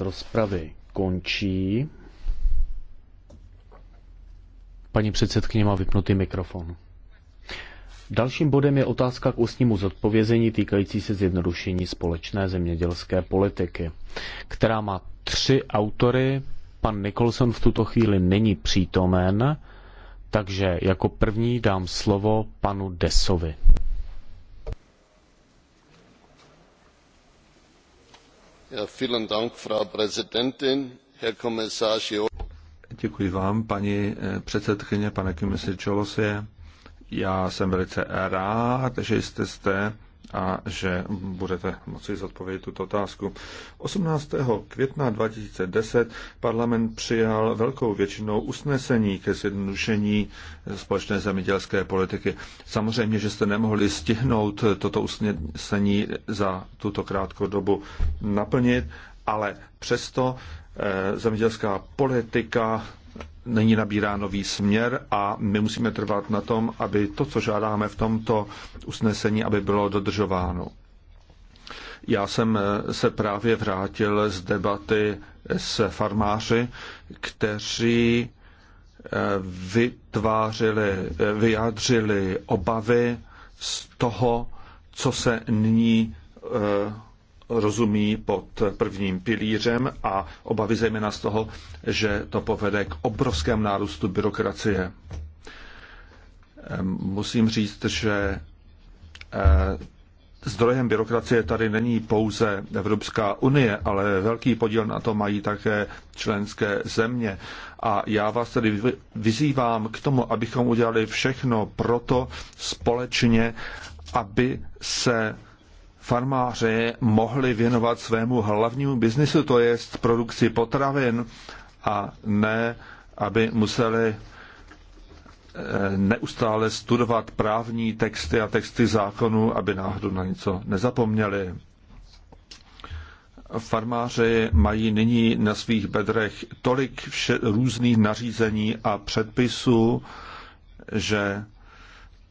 rozpravy končí. Paní předsedkyně má vypnutý mikrofon. Dalším bodem je otázka k ústnímu zodpovězení týkající se zjednodušení společné zemědělské politiky, která má tři autory. Pan Nicholson v tuto chvíli není přítomen, takže jako první dám slovo panu Desovi. frau präsidentin herr kommissar Děkuji vám, paní eh, předsedkyně, pane komisaři Čolosie. Já jsem velice rád, že jste zde a že budete moci zodpovědět tuto otázku. 18. května 2010 parlament přijal velkou většinou usnesení ke zjednodušení společné zemědělské politiky. Samozřejmě, že jste nemohli stihnout toto usnesení za tuto krátkou dobu naplnit, ale přesto eh, zemědělská politika nyní nabírá nový směr a my musíme trvat na tom, aby to, co žádáme v tomto usnesení, aby bylo dodržováno. Já jsem eh, se právě vrátil z debaty s farmáři, kteří eh, vytvářili, eh, vyjádřili obavy z toho, co se nyní rozumí pod prvním pilířem a obavy zejména z toho, že to povede k obrovskému nárůstu byrokracie. Ehm, musím říct, že eh, zdrojem byrokracie tady není pouze Evropská unie, ale velký podíl na to mají také členské země. A já vás tedy vyzývám k tomu, abychom udělali všechno proto společně, aby se farmáři mohli věnovat svému hlavnímu biznisu, to je produkci potravin, a ne, aby museli eh, neustále studovat právní texty a texty zákonů, aby náhodou na něco nezapomněli. Farmáři mají nyní na svých bedrech tolik vše, různých nařízení a předpisů, že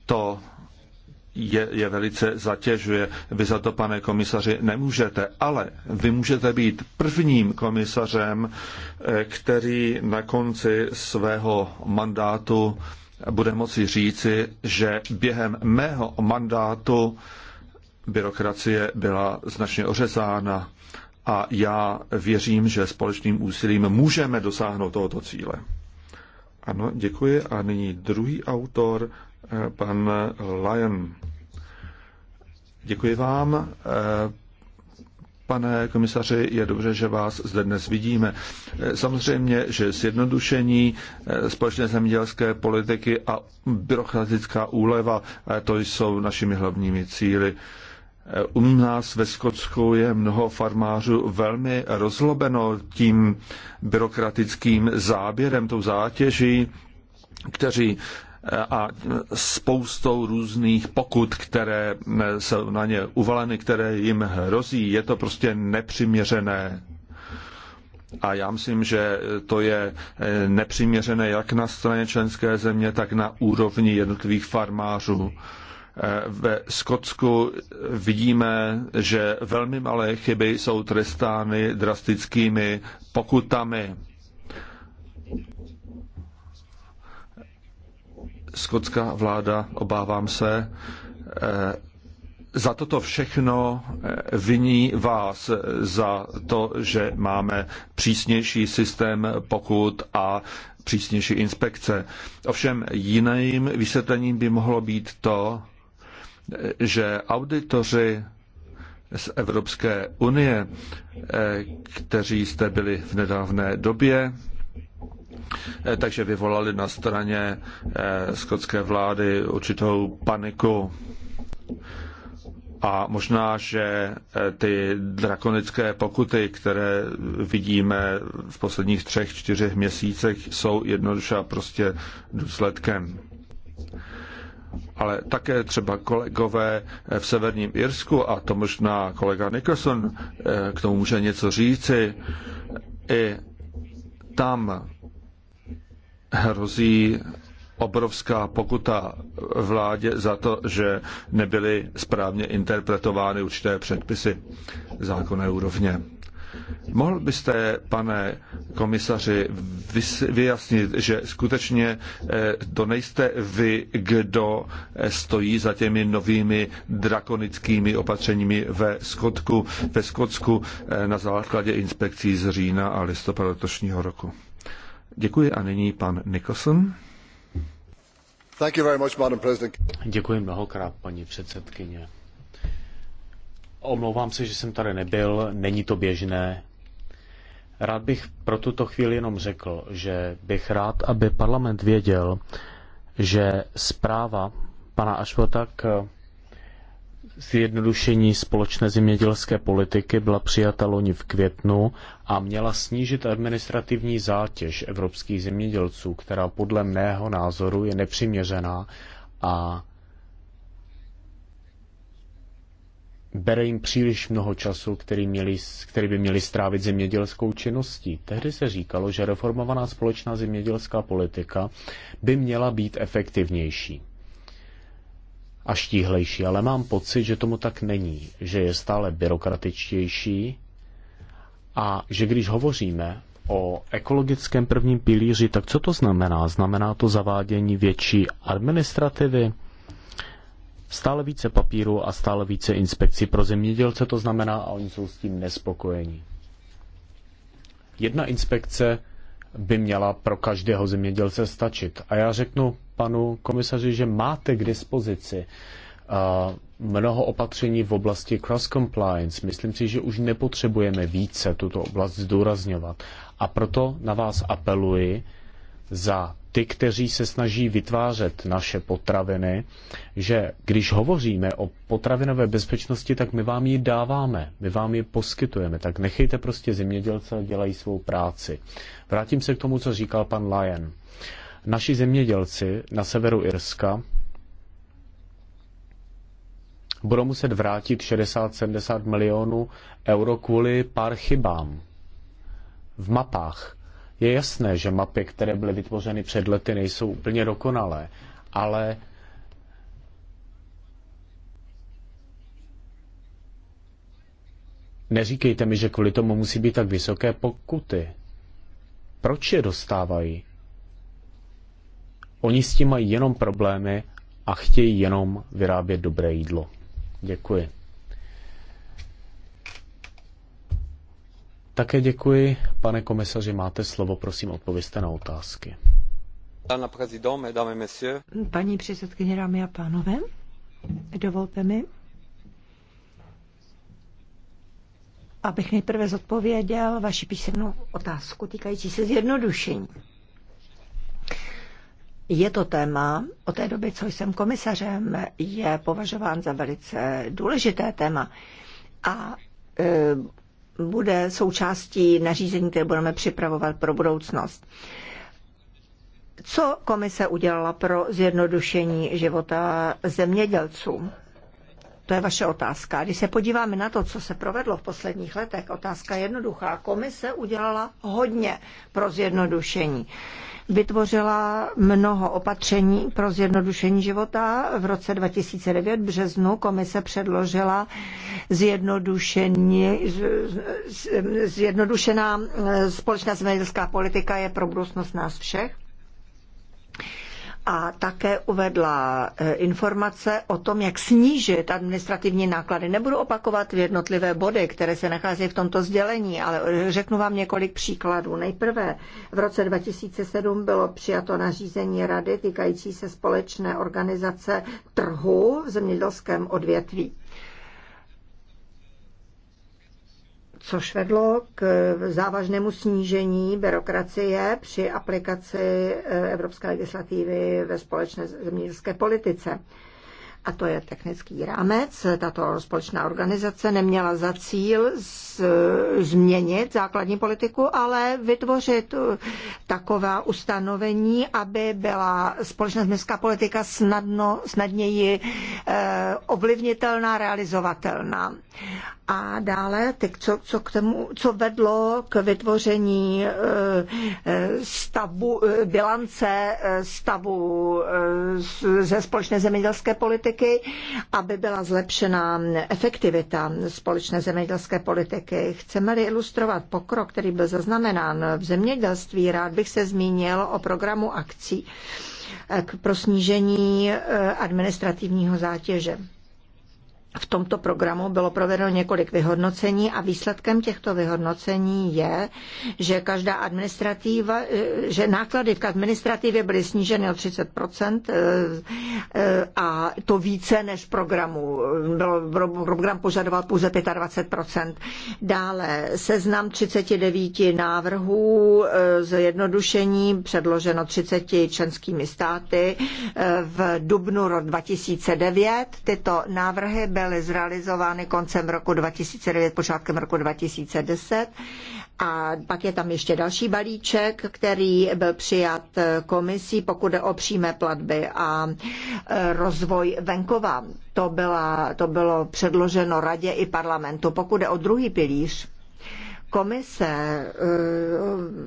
to je, je velice zatěžuje. Vy za to, pane komisaři, nemůžete, ale vy můžete být prvním komisařem, eh, který na konci svého mandátu bude moci říci, že během mého mandátu byrokracie byla značně ořezána a já věřím, že společným úsilím můžeme dosáhnout tohoto cíle. Ano, děkuji. A nyní druhý autor, pan Lyon. Děkuji vám. Pane komisaři, je dobře, že vás zde dnes vidíme. Samozřejmě, že zjednodušení společné zemědělské politiky a byrokratická úleva, to jsou našimi hlavními cíly. U nás ve Skotsku je mnoho farmářů velmi rozlobeno tím byrokratickým záběrem, tou zátěží, kteří a spoustou různých pokut, které jsou na ně uvaleny, které jim hrozí. Je to prostě nepřiměřené. A já myslím, že to je eh, nepřiměřené jak na straně členské země, tak na úrovni jednotlivých farmářů. Eh, ve Skotsku vidíme, že velmi malé chyby jsou trestány drastickými pokutami skotská vláda, obávám se, eh, za toto všechno eh, viní vás, za to, že máme přísnější systém pokut a přísnější inspekce. Ovšem jiným vysvětlením by mohlo být to, eh, že auditoři z Evropské unie, kteří jste byli v nedávné době, Eh, takže vyvolali na straně eh, skotské vlády určitou paniku. A možná, že eh, ty drakonické pokuty, které vidíme v posledních třech, čtyřech měsících, jsou jednoduše prostě důsledkem. Ale také třeba kolegové v Severním Irsku, a to možná kolega Nicholson k tomu může něco říci, i tam hrozí obrovská pokuta vládě za to, že nebyly správně interpretovány určité předpisy zákonné úrovně. Mohl byste, pane komisaři, vyjasnit, že skutečně eh, to nejste vy, kdo eh, stojí za těmi novými drakonickými opatřeními ve Skotsku, ve Skotsku eh, na základě inspekcí z října a listopadu letošního roku? Děkuji a nyní pan Nicholson. Děkuji mnohokrát, paní předsedkyně. Omlouvám se, že jsem tady nebyl, není to běžné. Rád bych pro tuto chvíli jenom řekl, že bych rád, aby parlament věděl, že zpráva pana Ašvota k zjednodušení společné zemědělské politiky byla přijata loni v květnu a měla snížit administrativní zátěž evropských zemědělců, která podle mého názoru je nepřiměřená a bere jim příliš mnoho času, který, měli, který by měli strávit zemědělskou činností. Tehdy se říkalo, že reformovaná společná zemědělská politika by měla být efektivnější a štíhlejší, ale mám pocit, že tomu tak není, že je stále byrokratičtější a že když hovoříme o ekologickém prvním pilíři, tak co to znamená? Znamená to zavádění větší administrativy, stále více papíru a stále více inspekcí pro zemědělce, to znamená, a oni jsou s tím nespokojení. Jedna inspekce by měla pro každého zemědělce stačit. A já řeknu, panu komisaři, že máte k dispozici eh, mnoho opatření v oblasti cross-compliance. Myslím si, že už nepotřebujeme více tuto oblast zdůrazňovat. A proto na vás apeluji za ty, kteří se snaží vytvářet naše potraviny, že když hovoříme o potravinové bezpečnosti, tak my vám ji dáváme, my vám ji poskytujeme. Tak nechejte prostě zemědělce, dělají svou práci. Vrátím se k tomu, co říkal pan Lyon. Naši zemědělci na severu Irska budou muset vrátit 60-70 milionů euro kvůli pár chybám v mapách. Je jasné, že mapy, které byly vytvořeny před lety, nejsou úplně dokonalé, ale neříkejte mi, že kvůli tomu musí být tak vysoké pokuty. Proč je dostávají? Oni s tím mají jenom problémy a chtějí jenom vyrábět dobré jídlo. Děkuji. Také děkuji. Pane komisaři, máte slovo, prosím, odpověste na otázky. Paní předsedkyně, dámy a pánové, dovolte mi, abych nejprve zodpověděl vaši písemnou otázku týkající se zjednodušení. Je to téma, o té doby, co jsem komisařem, je považován za velice důležité téma a e, bude součástí nařízení, které budeme připravovat pro budoucnost. Co komise udělala pro zjednodušení života zemědělcům? To je vaše otázka. Když se podíváme na to, co se provedlo v posledních letech, otázka jednoduchá. Komise udělala hodně pro zjednodušení. Vytvořila mnoho opatření pro zjednodušení života. V roce 2009 v březnu komise předložila zjednodušená společná zemědělská politika je pro budoucnost nás všech a také uvedla e, informace o tom, jak snížit administrativní náklady. Nebudu opakovat jednotlivé body, které se nacházejí v tomto sdělení, ale řeknu vám několik příkladů. Nejprve v roce 2007 bylo přijato nařízení rady týkající se společné organizace trhu v zemědělském odvětví. což vedlo k závažnému snížení byrokracie při aplikaci eh, evropské legislativy ve společné zemědělské politice. A to je technický rámec. Tato společná organizace neměla za cíl z, změnit základní politiku, ale vytvořit eh, taková ustanovení, aby byla společná zemědělská politika snadno, snadněji eh, ovlivnitelná, realizovatelná. A dále, tak co, co, k tomu, co vedlo k vytvoření eh, eh, stavu, eh, bilance stavu ze společné zemědělské politiky, aby byla zlepšena efektivita společné zemědělské politiky. Chceme-li ilustrovat pokrok, který byl zaznamenán v zemědělství, rád bych se zmínil o programu akcí pro snížení administrativního zátěže v tomto programu bylo provedeno několik vyhodnocení a výsledkem těchto vyhodnocení je, že každá administrativa, eh, že náklady v administrativě byly sníženy o 30 eh, eh, a to více než programu. program požadoval pouze 25 Dále seznam 39 návrhů jednodušení předloženo 30 členskými státy v dubnu roku 2009. Tyto návrhy byly byly zrealizovány koncem roku 2009, počátkem roku 2010. A pak je tam ještě další balíček, který byl přijat komisí, pokud jde o přímé platby a e, rozvoj venkova. To, byla, to bylo předloženo radě i parlamentu. Pokud jde o druhý pilíř, Komise e,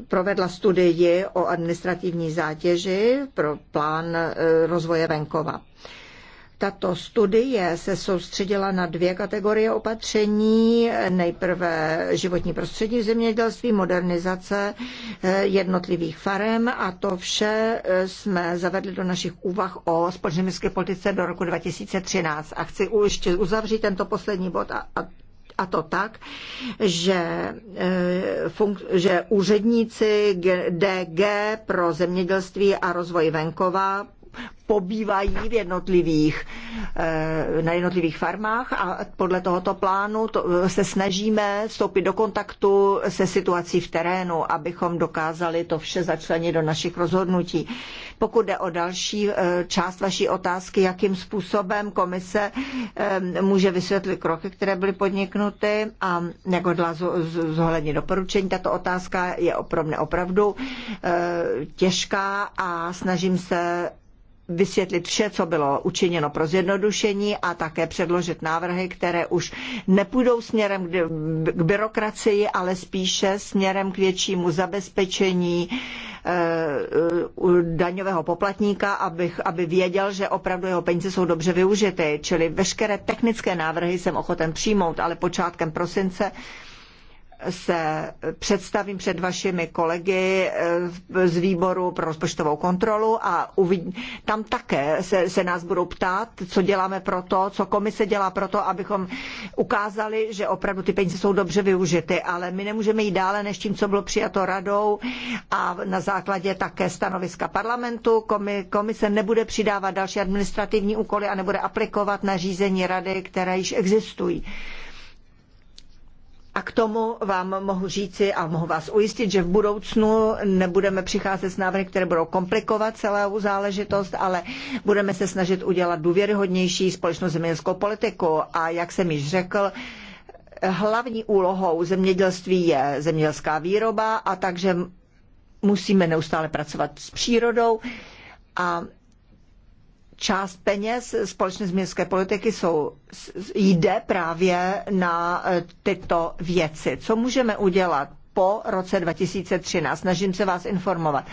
provedla studii o administrativní zátěži pro plán e, rozvoje venkova. Tato studie se soustředila na dvě kategorie opatření. Nejprve životní prostředí v zemědělství, modernizace eh, jednotlivých farem a to vše eh, jsme zavedli do našich úvah o společné politice do roku 2013. A chci ještě uzavřít tento poslední bod a, a a to tak, že, eh, funk, že úředníci DG pro zemědělství a rozvoj venkova pobývají v jednotlivých, eh, na jednotlivých farmách a podle tohoto plánu to, eh, se snažíme vstoupit do kontaktu se situací v terénu, abychom dokázali to vše začlenit do našich rozhodnutí. Pokud jde o další eh, část vaší otázky, jakým způsobem komise může vysvětlit kroky, které byly podniknuty a jako dla zohledně doporučení, tato otázka je pro mě opravdu těžká a snažím se vysvětlit vše, co bylo učiněno pro zjednodušení a také předložit návrhy, které už nepůjdou směrem k byrokracii, ale spíše směrem k většímu zabezpečení eh, daňového poplatníka, abych, aby věděl, že opravdu jeho peníze jsou dobře využity. Čili veškeré technické návrhy jsem ochoten přijmout, ale počátkem prosince se představím před vašimi kolegy eh, z výboru pro rozpočtovou kontrolu a tam také se, se nás budou ptát, co děláme pro to, co komise dělá pro to, abychom ukázali, že opravdu ty peníze jsou dobře využity, ale my nemůžeme jít dále než tím, co bylo přijato radou a na základě také stanoviska parlamentu. Komise nebude přidávat další administrativní úkoly a nebude aplikovat nařízení rady, které již existují. A k tomu vám mohu říci a mohu vás ujistit, že v budoucnu nebudeme přicházet s návrhy, které budou komplikovat celou záležitost, ale budeme se snažit udělat důvěryhodnější společnou zemědělskou politiku. A jak jsem již řekl, hlavní úlohou zemědělství je zemědělská výroba a takže musíme neustále pracovat s přírodou a část peněz společné změstské politiky jsou, jde právě na e, tyto věci. Co můžeme udělat? po roce 2013. Snažím se vás informovat,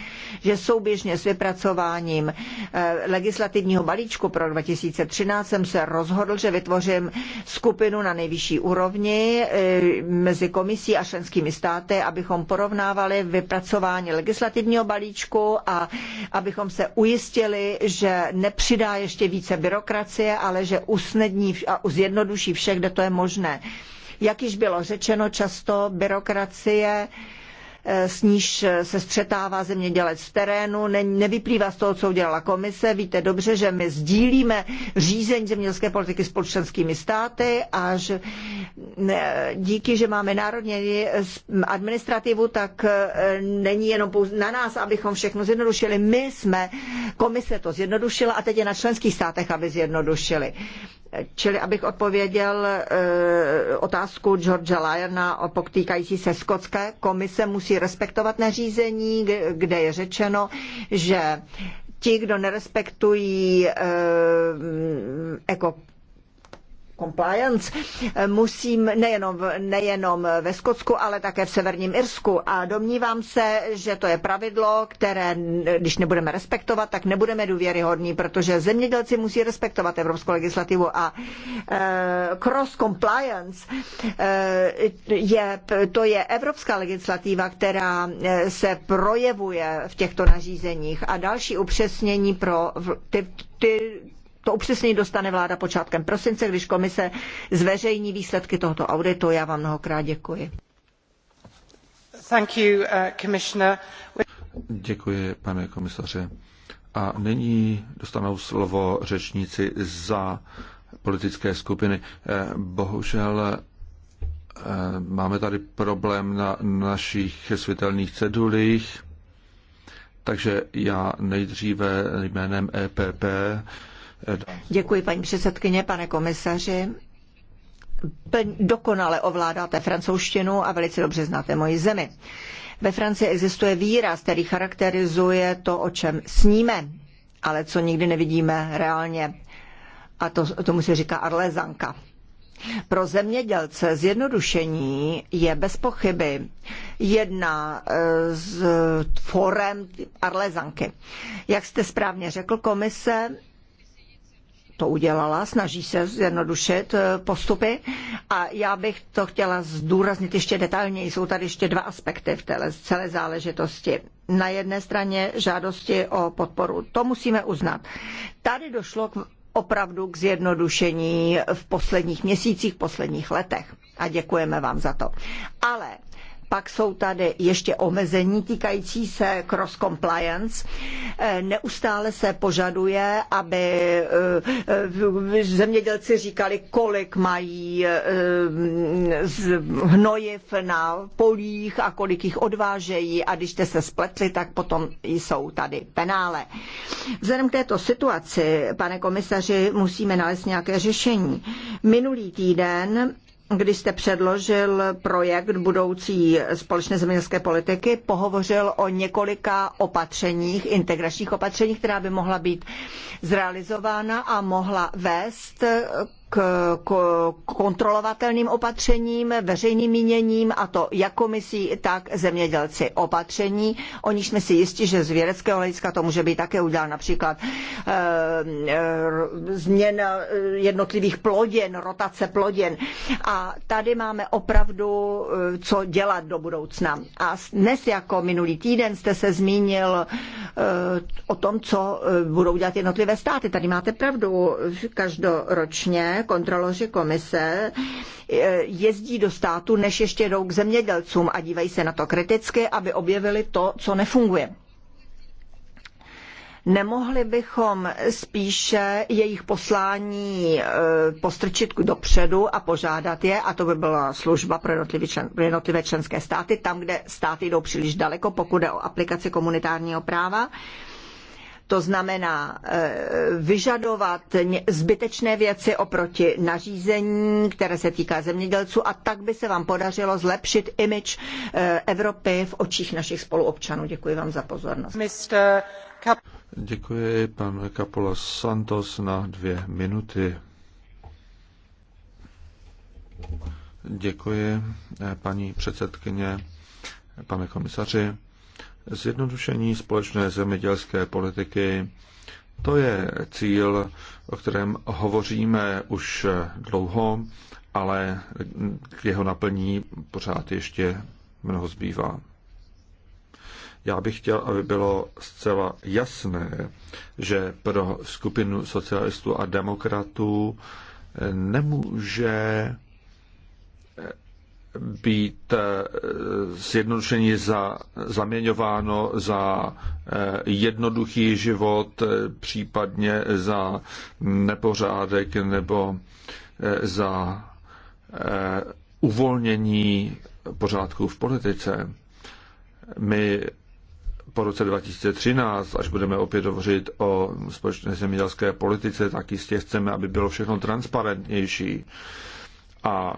že souběžně s vypracováním eh, legislativního balíčku pro 2013 jsem se rozhodl, že vytvořím skupinu na nejvyšší úrovni eh, mezi komisí a členskými státy, abychom porovnávali vypracování legislativního balíčku a abychom se ujistili, že nepřidá ještě více byrokracie, ale že usnadní a zjednoduší vše, kde to je možné. Jak již bylo řečeno, často byrokracie eh, s níž eh, se střetává zemědělec v terénu, ne, nevyplývá z toho, co udělala komise. Víte dobře, že my sdílíme řízení zemědělské politiky s členskými státy a že díky, že máme národní eh, administrativu, tak není jenom pouze na nás, abychom všechno zjednodušili. My jsme, komise to zjednodušila a teď je na členských státech, aby zjednodušili. Čili abych odpověděl eh, otázku Georgea Lyona o potýkající se skotské, komise musí respektovat nařízení, kde je řečeno, že ti, kdo nerespektují eh, jako compliance, musím nejenom, nejenom ve Skotsku, ale také v Severním Irsku. A domnívám se, že to je pravidlo, které, když nebudeme respektovat, tak nebudeme důvěryhodní, protože zemědělci musí respektovat evropskou legislativu a e, cross compliance e, je, to je evropská legislativa, která e, se projevuje v těchto nařízeních a další upřesnění pro ty, ty to upřesnění dostane vláda počátkem prosince, když komise zveřejní výsledky tohoto auditu. Já vám mnohokrát děkuji. Thank you, uh, Děkuji, pane komisaře. A nyní dostanou slovo řečníci za politické skupiny. Eh, bohužel eh, máme tady problém na našich světelných cedulích, takže já nejdříve jménem EPP Děkuji, paní předsedkyně, pane komisaři dokonale ovládáte francouzštinu a velice dobře znáte moji zemi. Ve Francii existuje výraz, který charakterizuje to, o čem sníme, ale co nikdy nevidíme reálně. A to, tomu se říká arlezanka. Pro zemědělce zjednodušení je bez pochyby jedna e, z forem arlezanky. Jak jste správně řekl, komise to udělala, snaží se zjednodušit eh, postupy a já bych to chtěla zdůraznit ještě detailněji. Jsou tady ještě dva aspekty v téhle, celé záležitosti. Na jedné straně žádosti o podporu. To musíme uznat. Tady došlo k opravdu k zjednodušení v posledních měsících, posledních letech. A děkujeme vám za to. Ale pak jsou tady ještě omezení týkající se cross compliance. Eh, neustále se požaduje, aby eh, eh, zemědělci říkali, kolik mají hnojiv na polích a kolik jich odvážejí a když jste se spletli, tak potom jsou tady penále. Vzhledem k této situaci, pane komisaři, musíme nalézt nějaké řešení. Minulý týden když jste předložil projekt budoucí společné zemědělské politiky, pohovořil o několika opatřeních, integračních opatřeních, která by mohla být zrealizována a mohla vést k kontrolovatelným opatřením, veřejným míněním, a to jak komisí, tak zemědělci. Opatření, o jsme si jisti, že z vědeckého hlediska to může být také uděláno, například e, eh, e, změna eh, jednotlivých plodin, rotace plodin. A tady máme opravdu eh, co dělat do budoucna. A dnes jako minulý týden jste se zmínil e, o tom, co budou dělat jednotlivé státy. Tady máte pravdu. Každoročně kontroloři komise eh, jezdí do státu, než ještě jdou k zemědělcům a dívají se na to kriticky, aby objevili to, co nefunguje. Nemohli bychom spíše jejich poslání eh, postrčit dopředu a požádat je, a to by byla služba pro jednotlivé členské státy, tam, kde státy jdou příliš daleko, pokud jde o aplikaci komunitárního práva, to znamená eh, vyžadovat zbytečné věci oproti nařízení, které se týká zemědělců a tak by se vám podařilo zlepšit image eh, Evropy v očích našich spoluobčanů. Děkuji vám za pozornost. Děkuji pan Kapola Santos na dvě minuty. Děkuji, eh, paní předsedkyně, pane komisaři. Zjednodušení společné zemědělské politiky, to je cíl, o kterém hovoříme už dlouho, ale k jeho naplní pořád ještě mnoho zbývá. Já bych chtěl, aby bylo zcela jasné, že pro skupinu socialistů a demokratů nemůže být eh, zjednodušení za, zaměňováno za eh, jednoduchý život, eh, případně za nepořádek nebo za uvolnění pořádků v politice. My po roce 2013, až budeme opět hovořit o společné zemědělské politice, tak jistě chceme, aby bylo všechno transparentnější a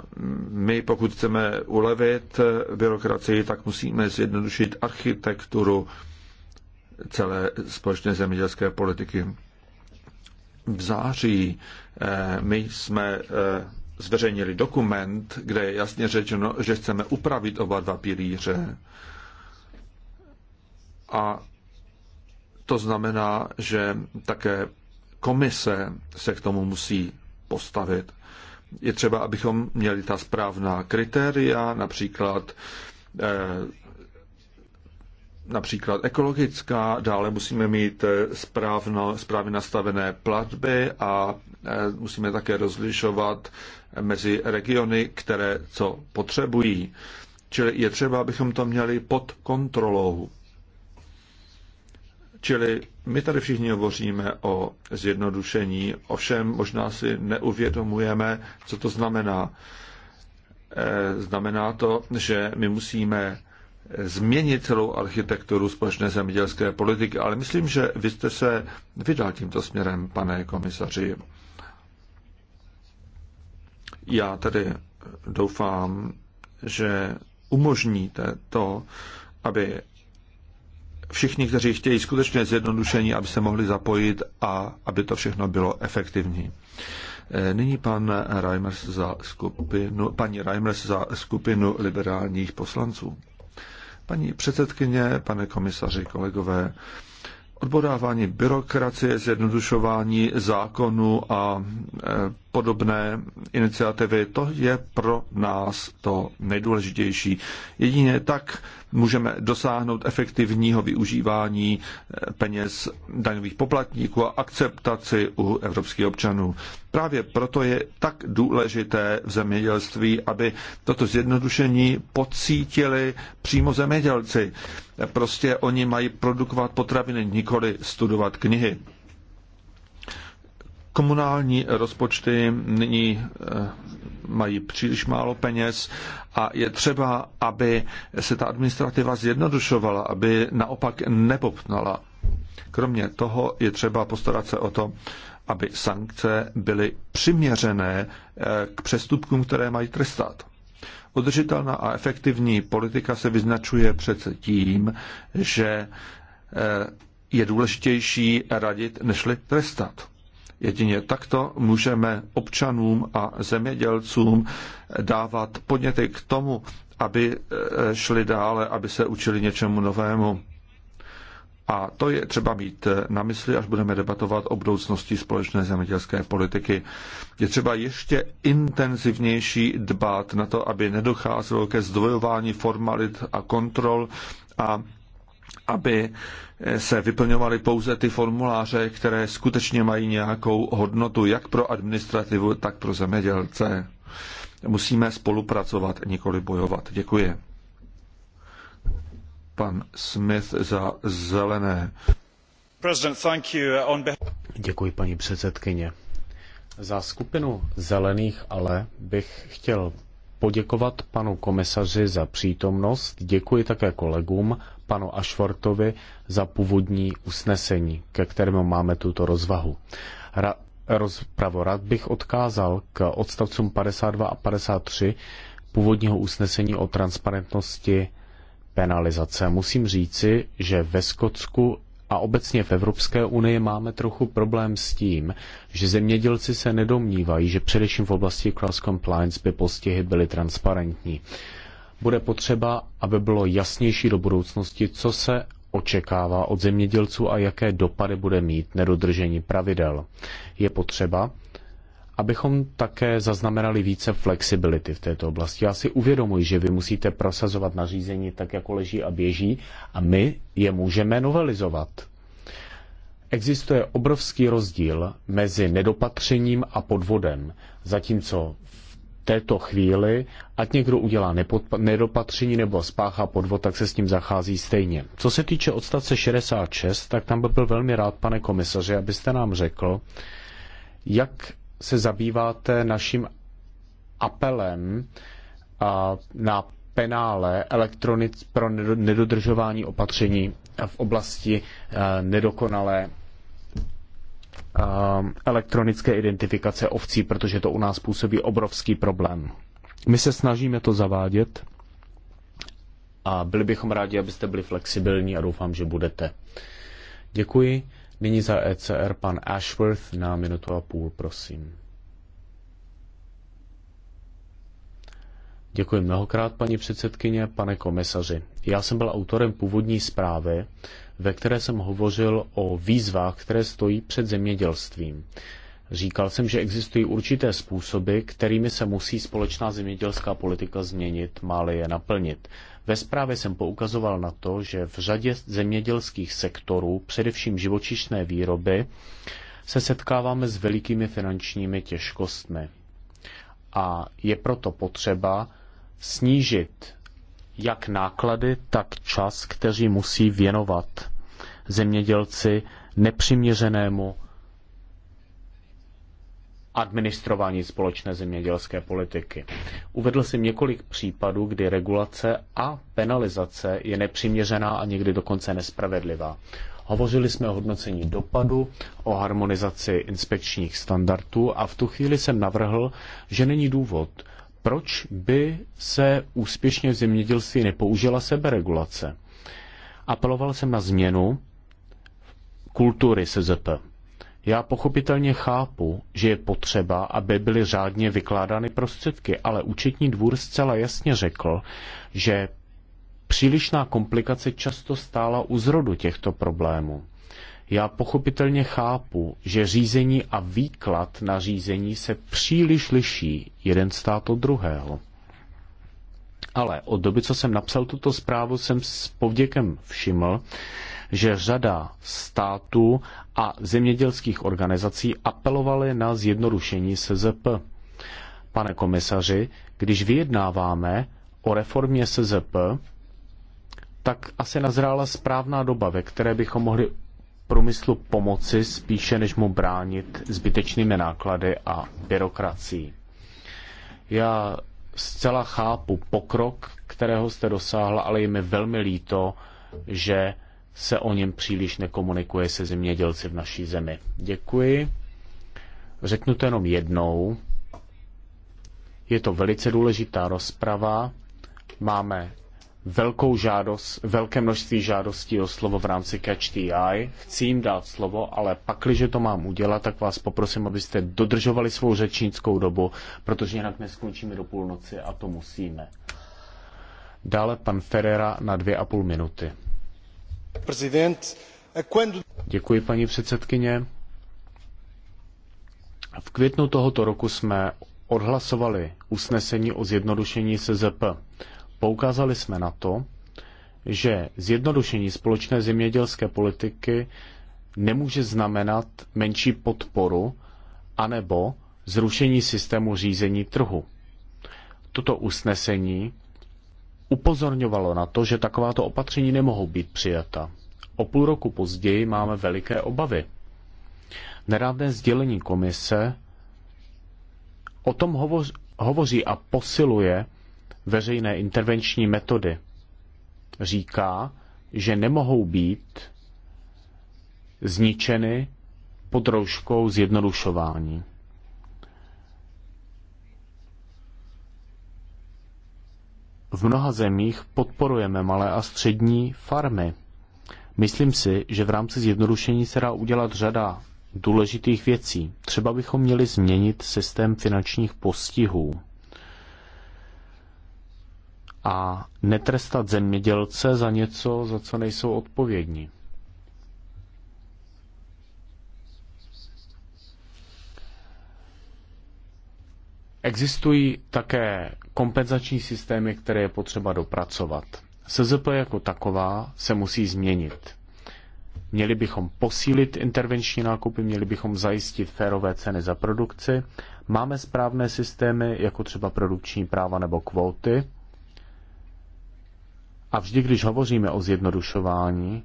my, pokud chceme ulevit byrokracii, tak musíme zjednodušit architekturu celé společné zemědělské politiky. V září eh, my jsme eh, zveřejnili dokument, kde je jasně řečeno, že chceme upravit oba dva pilíře. A to znamená, že také komise se k tomu musí postavit je třeba, abychom měli ta správná kritéria, například eh, například ekologická, dále musíme mít eh, správno, správně nastavené platby a eh, musíme také rozlišovat mezi regiony, které co potřebují. Čili je třeba, abychom to měli pod kontrolou. Čili my tady všichni hovoříme o zjednodušení, ovšem možná si neuvědomujeme, co to znamená. Eh, znamená to, že my musíme změnit celou architekturu společné zemědělské politiky, ale myslím, že vy jste se vydal tímto směrem, pane komisaři. Já tedy doufám, že umožníte to, aby všichni, kteří chtějí skutečně zjednodušení, aby se mohli zapojit a aby to všechno bylo efektivní. E, nyní pan Reimers za skupinu, paní Reimers za skupinu liberálních poslanců. Paní předsedkyně, pane komisaři, kolegové, odborávání byrokracie, zjednodušování zákonu a e, podobné iniciativy, to je pro nás to nejdůležitější. Jedině tak můžeme dosáhnout efektivního využívání eh, peněz daňových poplatníků a akceptaci u evropských občanů. Právě proto je tak důležité v zemědělství, aby toto zjednodušení pocítili přímo zemědělci. Prostě oni mají produkovat potraviny, nikoli studovat knihy. Komunální rozpočty nyní eh, mají příliš málo peněz a je třeba, aby se ta administrativa zjednodušovala, aby naopak nepopnala. Kromě toho je třeba postarat se o to, aby sankce byly přiměřené eh, k přestupkům, které mají trestat. Udržitelná a efektivní politika se vyznačuje přece tím, že eh, je důležitější radit, nežli trestat. Jedině takto můžeme občanům a zemědělcům dávat podněty k tomu, aby eh, šli dále, aby se učili něčemu novému. A to je třeba mít eh, na mysli, až budeme debatovat o budoucnosti společné zemědělské politiky. Je třeba ještě intenzivnější dbát na to, aby nedocházelo ke zdvojování formalit a kontrol a aby eh, se vyplňovaly pouze ty formuláře, které skutečně mají nějakou hodnotu jak pro administrativu, tak pro zemědělce. Musíme spolupracovat, nikoli bojovat. Děkuji. Pan Smith za zelené. Děkuji, paní předsedkyně. Za skupinu zelených ale bych chtěl poděkovat panu komisaři za přítomnost, děkuji také kolegům, panu Ašvortovi za původní usnesení, ke kterému máme tuto rozvahu. Ra- rozpravo rad bych odkázal k odstavcům 52 a 53 původního usnesení o transparentnosti penalizace. Musím říci, že ve Skotsku a obecně v Evropské unii máme trochu problém s tím, že zemědělci se nedomnívají, že především v oblasti cross-compliance by postihy byly transparentní. Bude potřeba, aby bylo jasnější do budoucnosti, co se očekává od zemědělců a jaké dopady bude mít nedodržení pravidel. Je potřeba, abychom také zaznamenali více flexibility v této oblasti. Já si uvědomuji, že vy musíte prosazovat nařízení tak, jako leží a běží a my je můžeme novelizovat. Existuje obrovský rozdíl mezi nedopatřením a podvodem, zatímco v této chvíli, ať někdo udělá nedopatření nebo spáchá podvod, tak se s ním zachází stejně. Co se týče odstavce 66, tak tam by byl velmi rád, pane komisaři, abyste nám řekl, jak se zabýváte naším apelem na penále elektronic pro nedodržování opatření v oblasti e, nedokonalé e, elektronické identifikace ovcí, protože to u nás působí obrovský problém. My se snažíme to zavádět a byli bychom rádi, abyste byli flexibilní a doufám, že budete. Děkuji. Nyní za ECR pan Ashworth na minutu a půl, prosím. Děkuji mnohokrát, paní předsedkyně, pane komisaři. Já jsem byl autorem původní zprávy, ve které jsem hovořil o výzvách, které stojí před zemědělstvím. Říkal jsem, že existují určité způsoby, kterými se musí společná zemědělská politika změnit, má je naplnit. Ve zprávě jsem poukazoval na to, že v řadě zemědělských sektorů, především živočišné výroby, se setkáváme s velikými finančními těžkostmi. A je proto potřeba snížit jak náklady, tak čas, kteří musí věnovat zemědělci nepřiměřenému administrování společné zemědělské politiky. Uvedl jsem několik případů, kdy regulace a penalizace je nepřiměřená a někdy dokonce nespravedlivá. Hovořili jsme o hodnocení dopadu, o harmonizaci inspekčních standardů a v tu chvíli jsem navrhl, že není důvod, proč by se úspěšně v zemědělství nepoužila seberegulace. Apeloval jsem na změnu kultury SZP. Já pochopitelně chápu, že je potřeba, aby byly řádně vykládány prostředky, ale účetní dvůr zcela jasně řekl, že přílišná komplikace často stála u zrodu těchto problémů. Já pochopitelně chápu, že řízení a výklad na řízení se příliš liší jeden stát od druhého. Ale od doby, co jsem napsal tuto zprávu, jsem s povděkem všiml, že řada států a zemědělských organizací apelovaly na zjednodušení SZP. Pane komisaři, když vyjednáváme o reformě SZP, tak asi nazrála správná doba, ve které bychom mohli průmyslu pomoci spíše, než mu bránit zbytečnými náklady a byrokracií. Já zcela chápu pokrok, kterého jste dosáhla, ale je mi velmi líto, že se o něm příliš nekomunikuje se zemědělci v naší zemi. Děkuji. Řeknu to jenom jednou. Je to velice důležitá rozprava. Máme velkou žádost, velké množství žádostí o slovo v rámci Catch the Eye. Chci jim dát slovo, ale pakliže to mám udělat, tak vás poprosím, abyste dodržovali svou řečnickou dobu, protože jinak neskončíme do půlnoci a to musíme. Dále pan Ferrera na dvě a půl minuty. Děkuji, paní předsedkyně. V květnu tohoto roku jsme odhlasovali usnesení o zjednodušení SZP. Poukázali jsme na to, že zjednodušení společné zemědělské politiky nemůže znamenat menší podporu anebo zrušení systému řízení trhu. Toto usnesení upozorňovalo na to, že takováto opatření nemohou být přijata. O půl roku později máme veliké obavy. Nedávné sdělení komise o tom hovoří a posiluje veřejné intervenční metody. Říká, že nemohou být zničeny pod rouškou zjednodušování. v mnoha zemích podporujeme malé a střední farmy. Myslím si, že v rámci zjednodušení se dá udělat řada důležitých věcí. Třeba bychom měli změnit systém finančních postihů a netrestat zemědělce za něco, za co nejsou odpovědní. Existují také kompenzační systémy, které je potřeba dopracovat. SZP jako taková se musí změnit. Měli bychom posílit intervenční nákupy, měli bychom zajistit férové ceny za produkci. Máme správné systémy, jako třeba produkční práva nebo kvóty. A vždy, když hovoříme o zjednodušování,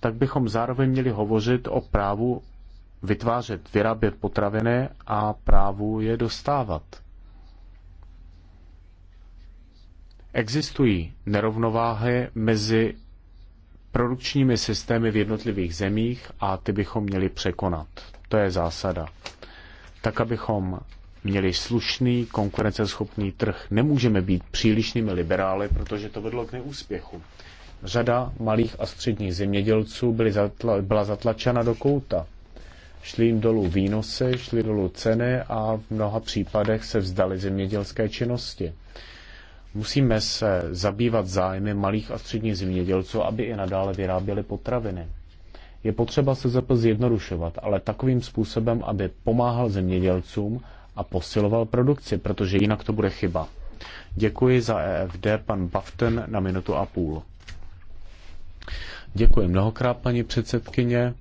tak bychom zároveň měli hovořit o právu vytvářet, vyrábět potraviny a právu je dostávat. Existují nerovnováhy mezi produkčními systémy v jednotlivých zemích a ty bychom měli překonat. To je zásada. Tak, abychom měli slušný, konkurenceschopný trh, nemůžeme být přílišnými liberály, protože to vedlo k neúspěchu. Řada malých a středních zemědělců byly zatla, byla zatlačena do kouta. Šli jim dolů výnosy, šly dolů ceny a v mnoha případech se vzdali zemědělské činnosti. Musíme se zabývat zájmy malých a středních zemědělců, aby i nadále vyráběli potraviny. Je potřeba se ZP zjednodušovat, ale takovým způsobem, aby pomáhal zemědělcům a posiloval produkci, protože jinak to bude chyba. Děkuji za EFD, pan Bafton, na minutu a půl. Děkuji mnohokrát, paní předsedkyně.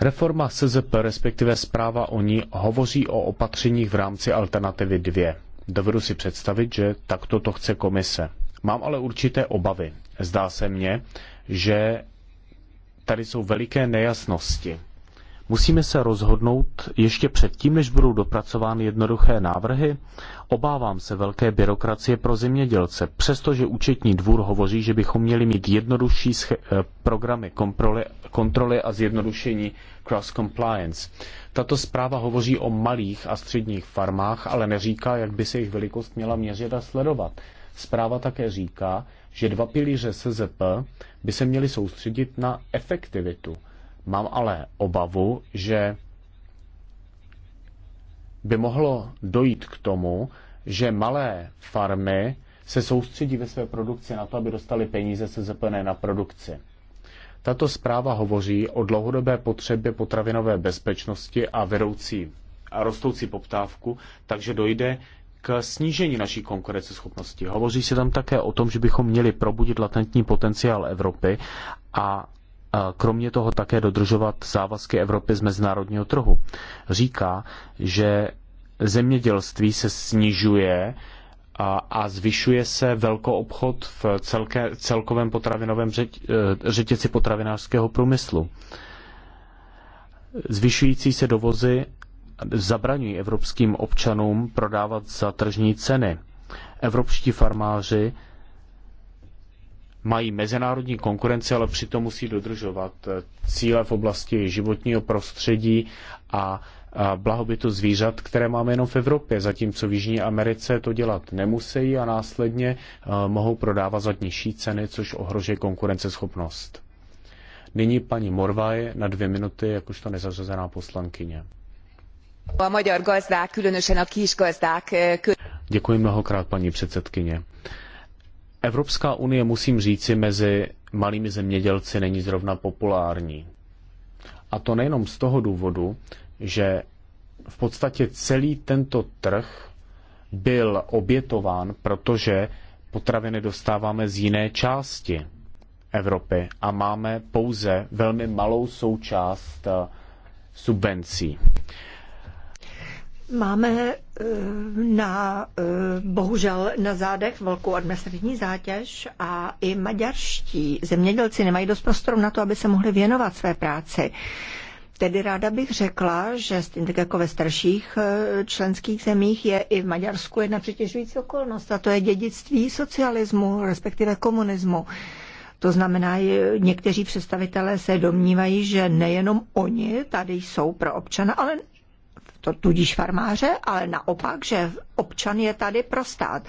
Reforma SZP, respektive zpráva o ní, hovoří o opatřeních v rámci alternativy 2. Dovedu si představit, že takto to chce komise. Mám ale určité obavy. Zdá se mně, že tady jsou veliké nejasnosti. Musíme se rozhodnout ještě předtím, než budou dopracovány jednoduché návrhy. Obávám se velké byrokracie pro zemědělce, přestože účetní dvůr hovoří, že bychom měli mít jednodušší eh, programy kontroly, kontroly a zjednodušení cross-compliance. Tato zpráva hovoří o malých a středních farmách, ale neříká, jak by se jejich velikost měla měřit a sledovat. Zpráva také říká, že dva pilíře SZP by se měly soustředit na efektivitu. Mám ale obavu, že by mohlo dojít k tomu, že malé farmy se soustředí ve své produkci na to, aby dostali peníze se zeplné na produkci. Tato zpráva hovoří o dlouhodobé potřebě potravinové bezpečnosti a vedoucí a rostoucí poptávku, takže dojde k snížení naší konkurenceschopnosti. Hovoří se tam také o tom, že bychom měli probudit latentní potenciál Evropy a kromě toho také dodržovat závazky Evropy z mezinárodního trhu. Říká, že zemědělství se snižuje a, a zvyšuje se velkoobchod v celké, celkovém potravinovém řet, eh, řetěci potravinářského průmyslu. Zvyšující se dovozy zabraňují evropským občanům prodávat za tržní ceny. Evropští farmáři mají mezinárodní konkurenci, ale přitom musí dodržovat eh, cíle v oblasti životního prostředí a blahobytu zvířat, které máme jenom v Evropě, zatímco v Jižní Americe to dělat nemusí a následně eh, mohou prodávat za nižší ceny, což ohrožuje konkurenceschopnost. Nyní paní Morvaj na dvě minuty, jakožto nezařazená poslankyně. A magyar gazdák, különösen a kisgazdák. Eh, Děkuji mnohokrát, paní předsedkyně. Evropská unie, musím říci, mezi malými zemědělci není zrovna populární. A to nejenom z toho důvodu, že v podstatě celý tento trh byl obětován, protože potraviny dostáváme z jiné části Evropy a máme pouze velmi malou součást eh, subvencí. Máme eh, na, eh, bohužel na zádech velkou administrativní zátěž a i maďarští zemědělci nemají dost prostoru na to, aby se mohli věnovat své práci. Tedy ráda bych řekla, že tak jako ve starších eh, členských zemích je i v Maďarsku jedna přitěžující okolnost a to je dědictví socialismu, respektive komunismu. To znamená, někteří představitelé se domnívají, že nejenom oni tady jsou pro občana, ale to tudíž farmáře, ale naopak, že občan je tady pro stát.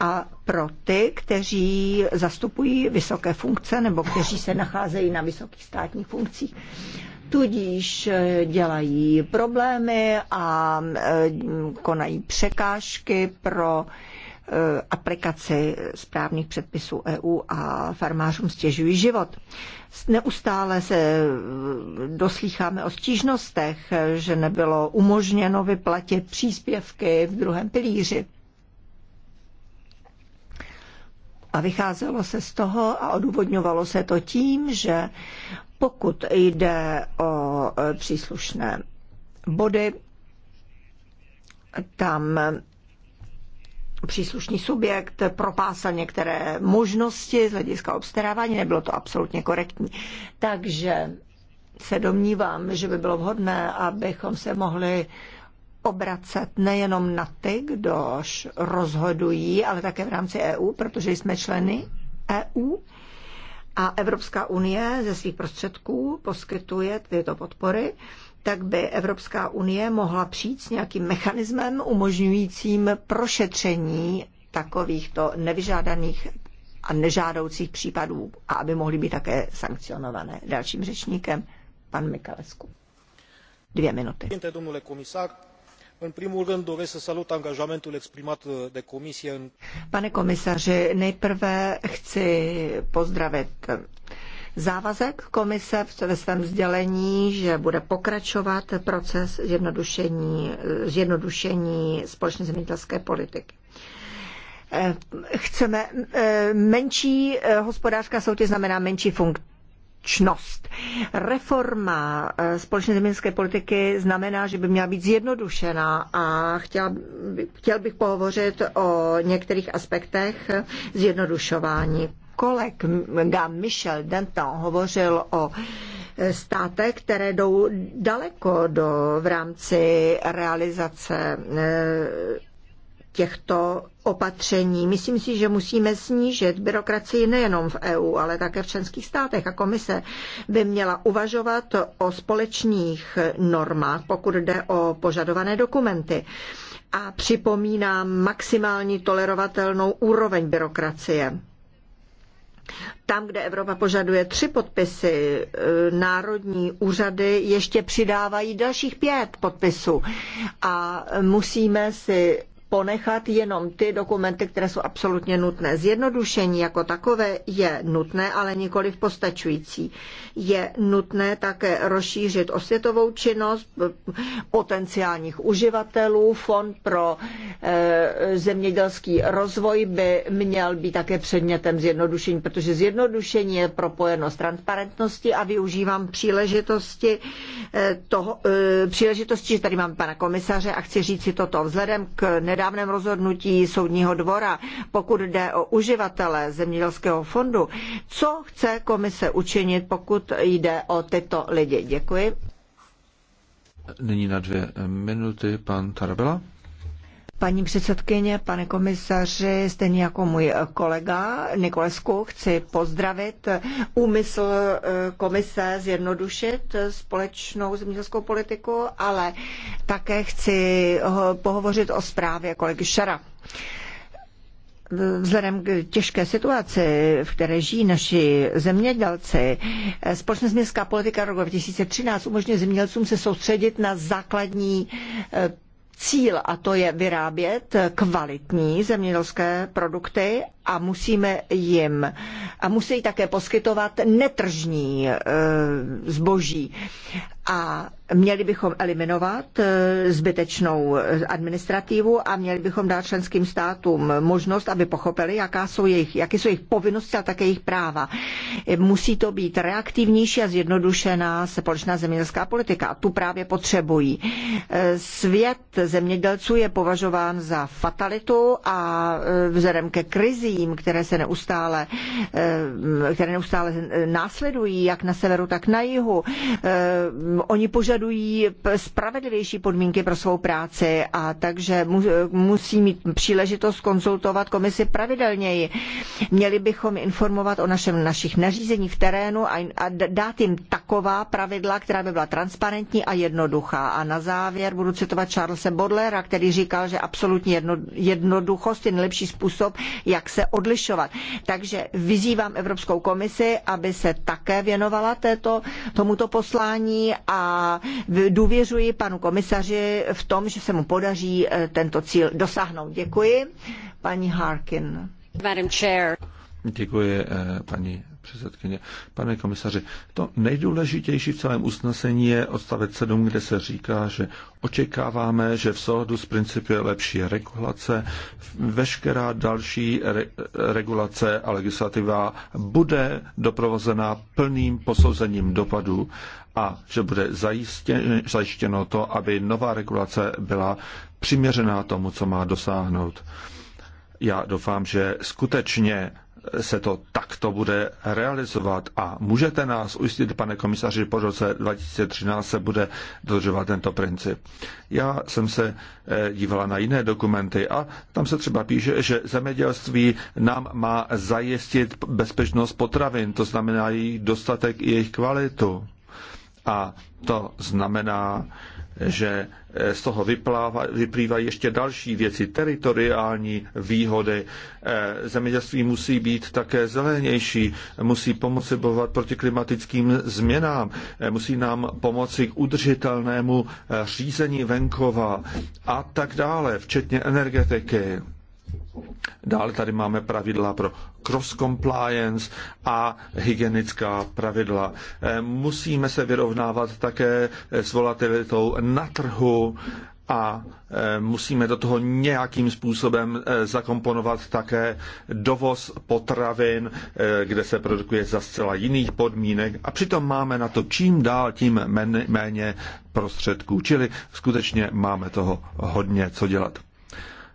A pro ty, kteří zastupují vysoké funkce nebo kteří se nacházejí na vysokých státních funkcích tudíž eh, dělají problémy a eh, konají překážky pro Eh, aplikaci správných předpisů EU a farmářům stěžují život. Neustále se eh, doslýcháme o stížnostech, eh, že nebylo umožněno vyplatit příspěvky v druhém pilíři. A vycházelo se z toho a odůvodňovalo se to tím, že pokud jde o příslušné body, tam příslušný subjekt propásal některé možnosti z hlediska obstarávání, nebylo to absolutně korektní. Takže se domnívám, že by bylo vhodné, abychom se mohli obracet nejenom na ty, kdož rozhodují, ale také v rámci EU, protože jsme členy EU. A Evropská unie ze svých prostředků poskytuje tyto podpory tak by Evropská unie mohla přijít s nějakým mechanismem umožňujícím prošetření takovýchto nevyžádaných a nežádoucích případů a aby mohly být také sankcionované. Dalším řečníkem pan Mikalescu. Dvě minuty. Pane komisaři, nejprve chci pozdravit závazek komise ve svém sdělení, že bude pokračovat proces zjednodušení, zjednodušení společné zemědělské politiky eh, chceme eh, menší eh, hospodářská soutěž, znamená menší funkčnost. Reforma společné zemědělské politiky znamená, že by měla být zjednodušena a chtěl, chtěl bych pohovořit o některých aspektech zjednodušování kolega Michel Denton hovořil o e, státech, které jdou daleko do, v rámci realizace e, těchto opatření. Myslím si, že musíme snížit byrokracii nejenom v EU, ale také v členských státech. A komise by měla uvažovat o společných normách, pokud jde o požadované dokumenty. A připomínám maximální tolerovatelnou úroveň byrokracie. Tam, kde Evropa požaduje tři podpisy, eh, národní úřady ještě přidávají dalších pět podpisů. A musíme si ponechat jenom ty dokumenty, které jsou absolutně nutné. Zjednodušení jako takové je nutné, ale nikoli v postačující. Je nutné také rozšířit osvětovou činnost potenciálních uživatelů. Fond pro eh, zemědělský rozvoj by měl být také předmětem zjednodušení, protože zjednodušení je propojeno s transparentností a využívám příležitosti, eh, toho, eh, příležitosti že tady mám pana komisaře a chci říct si toto vzhledem k nedávnému nedávném rozhodnutí soudního dvora, pokud jde o uživatele zemědělského fondu. Co chce komise učinit, pokud jde o tyto lidi? Děkuji. Nyní na dvě minuty pan Tarabela. Paní předsedkyně, pane komisaři, stejně jako můj kolega Nikolesku, chci pozdravit úmysl eh, komise zjednodušit společnou zemědělskou politiku, ale také chci pohovořit o zprávě kolegy Šara vzhledem k těžké situaci, v které žijí naši zemědělci, eh, společná zemědělská politika roku 2013 umožňuje zemědělcům se soustředit na základní eh, cíl a to je vyrábět kvalitní zemědělské produkty a musíme jim a musí také poskytovat netržní eh, zboží. A měli bychom eliminovat eh, zbytečnou eh, administrativu a měli bychom dát členským státům možnost, aby pochopili, jaká jsou jejich, jaké jsou jejich povinnosti a také jejich práva. Musí to být reaktivnější a zjednodušená společná zemědělská politika. A tu právě potřebují. Svět zemědělců je považován za fatalitu a vzhledem ke krizi násilím, které se neustále, eh, které neustále následují, jak na severu, tak na jihu. Eh, oni požadují spravedlivější podmínky pro svou práci a takže musí mít příležitost konzultovat komisi pravidelněji. Měli bychom informovat o našem, našich nařízení v terénu a, a dát jim taková pravidla, která by byla transparentní a jednoduchá. A na závěr budu citovat Charlesa Bodlera, který říkal, že absolutní jednoduchost je nejlepší způsob, jak se se odlišovat. Takže vyzývám Evropskou komisi, aby se také věnovala této, tomuto poslání a důvěřuji panu komisaři v tom, že se mu podaří eh, tento cíl dosáhnout. Děkuji. Paní Harkin. Madam Chair. Děkuji, eh, paní předsedkyně. Pane komisaři, to nejdůležitější v celém usnesení je odstavec 7, kde se říká, že očekáváme, že v souladu s principy lepší regulace veškerá další re- regulace a legislativa bude doprovozená plným posouzením dopadů a že bude zajištěno to, aby nová regulace byla přiměřená tomu, co má dosáhnout. Já doufám, že skutečně se to takto bude realizovat a můžete nás ujistit, pane komisaři, po roce 2013 se bude dodržovat tento princip. Já jsem se eh, dívala na jiné dokumenty a tam se třeba píše, že zemědělství nám má zajistit bezpečnost potravin, to znamená jejich dostatek i jejich kvalitu. A to znamená, že eh, z toho vyplývají ještě další věci, teritoriální výhody. Eh, zemědělství musí být také zelenější, musí pomoci bojovat proti klimatickým změnám, eh, musí nám pomoci k udržitelnému řízení venkova a tak dále, včetně energetiky. Dále tady máme pravidla pro cross-compliance a hygienická pravidla. Eh, musíme se vyrovnávat také eh, s volatilitou na trhu a eh, musíme do toho nějakým způsobem zakomponovat také dovoz potravin, kde se produkuje za zcela jiných podmínek a přitom máme na to čím dál tím méně prostředků, čili skutečně máme toho hodně co dělat.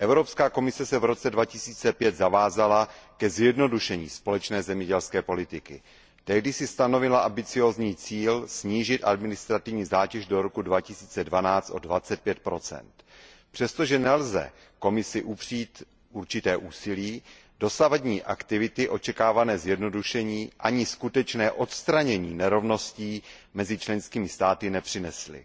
evropská komise se v roce two thousand and five zavázala ke zjednodušení společné zemědělské politiky. tehdy si stanovila ambiciózní cíl snížit administrativní zátěž do roku two thousand and twelve o. twenty five přestože nelze komisi upřít určité úsilí dosavadní aktivity očekávané zjednodušení ani skutečné odstranění nerovností mezi členskými státy nepřinesly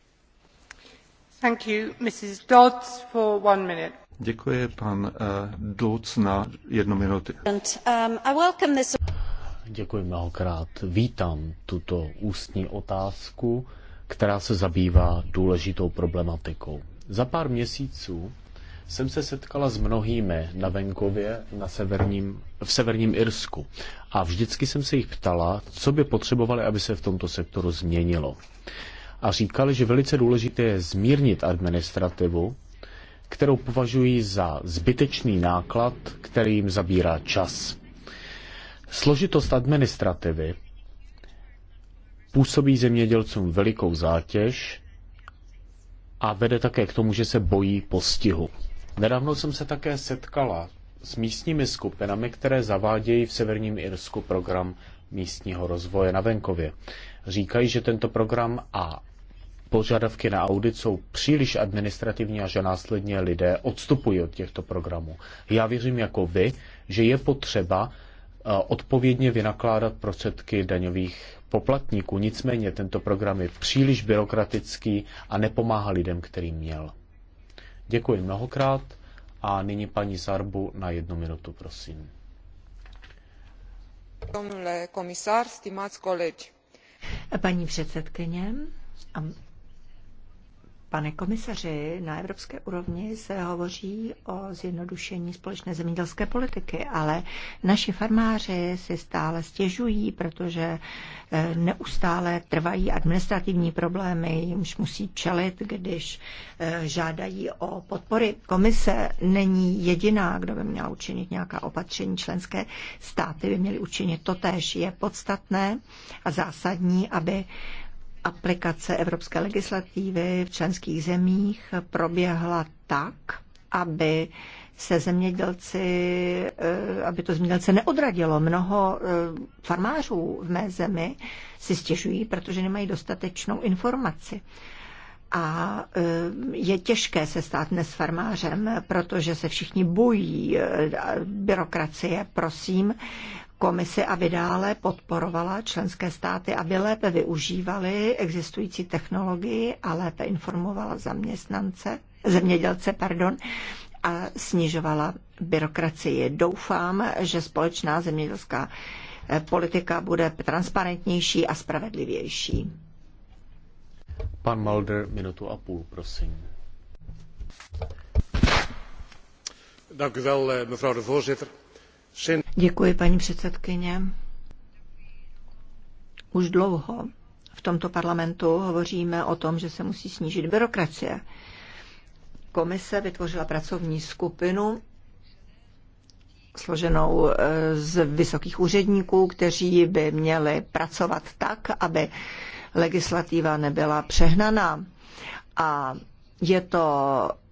Děkuji, na jednu minutu. Um, Děkuji mnohokrát. Vítám tuto ústní otázku, která se zabývá důležitou problematikou. Za pár měsíců jsem se setkala s mnohými na venkově na severním, v severním Irsku a vždycky jsem se jich ptala, co by potřebovali, aby se v tomto sektoru změnilo a říkali, že velice důležité je zmírnit administrativu, kterou považují za zbytečný náklad, který jim zabírá čas. Složitost administrativy působí zemědělcům velikou zátěž a vede také k tomu, že se bojí postihu. Nedávno jsem se také setkala s místními skupinami, které zavádějí v severním Irsku program místního rozvoje na venkově. Říkají, že tento program a požadavky na audit jsou příliš administrativní a že následně lidé odstupují od těchto programů. Já věřím jako vy, že je potřeba eh, odpovědně vynakládat prostředky daňových poplatníků. Nicméně tento program je příliš byrokratický a nepomáhá lidem, který měl. Děkuji mnohokrát a nyní paní Sarbu na jednu minutu, prosím. Domnule komisar, stimați Paní předsedkyně, Pane komisaři, na evropské úrovni se hovoří o zjednodušení společné zemědělské politiky, ale naši farmáři si stále stěžují, protože eh, neustále trvají administrativní problémy, jimž musí čelit, když eh, žádají o podpory. Komise není jediná, kdo by měla učinit nějaká opatření. Členské státy by měly učinit totéž. Je podstatné a zásadní, aby aplikace evropské legislativy v členských zemích proběhla tak, aby se zemědělci, eh, aby to zemědělce neodradilo. Mnoho eh, farmářů v mé zemi si stěžují, protože nemají dostatečnou informaci. A eh, je těžké se stát dnes farmářem, protože se všichni bojí byrokracie. Prosím, komisi, aby dále podporovala členské státy, aby lépe využívali existující technologii a lépe informovala zaměstnance, zemědělce, pardon, a snižovala byrokracii. Doufám, že společná zemědělská eh, politika bude transparentnější a spravedlivější. Pan Malder, minutu a půl, prosím. Dank u wel, eh, mevrouw de voorzitter. Děkuji, paní předsedkyně. Už dlouho v tomto parlamentu hovoříme o tom, že se musí snížit byrokracie. Komise vytvořila pracovní skupinu složenou eh, z vysokých úředníků, kteří by měli pracovat tak, aby legislativa nebyla přehnaná. A je to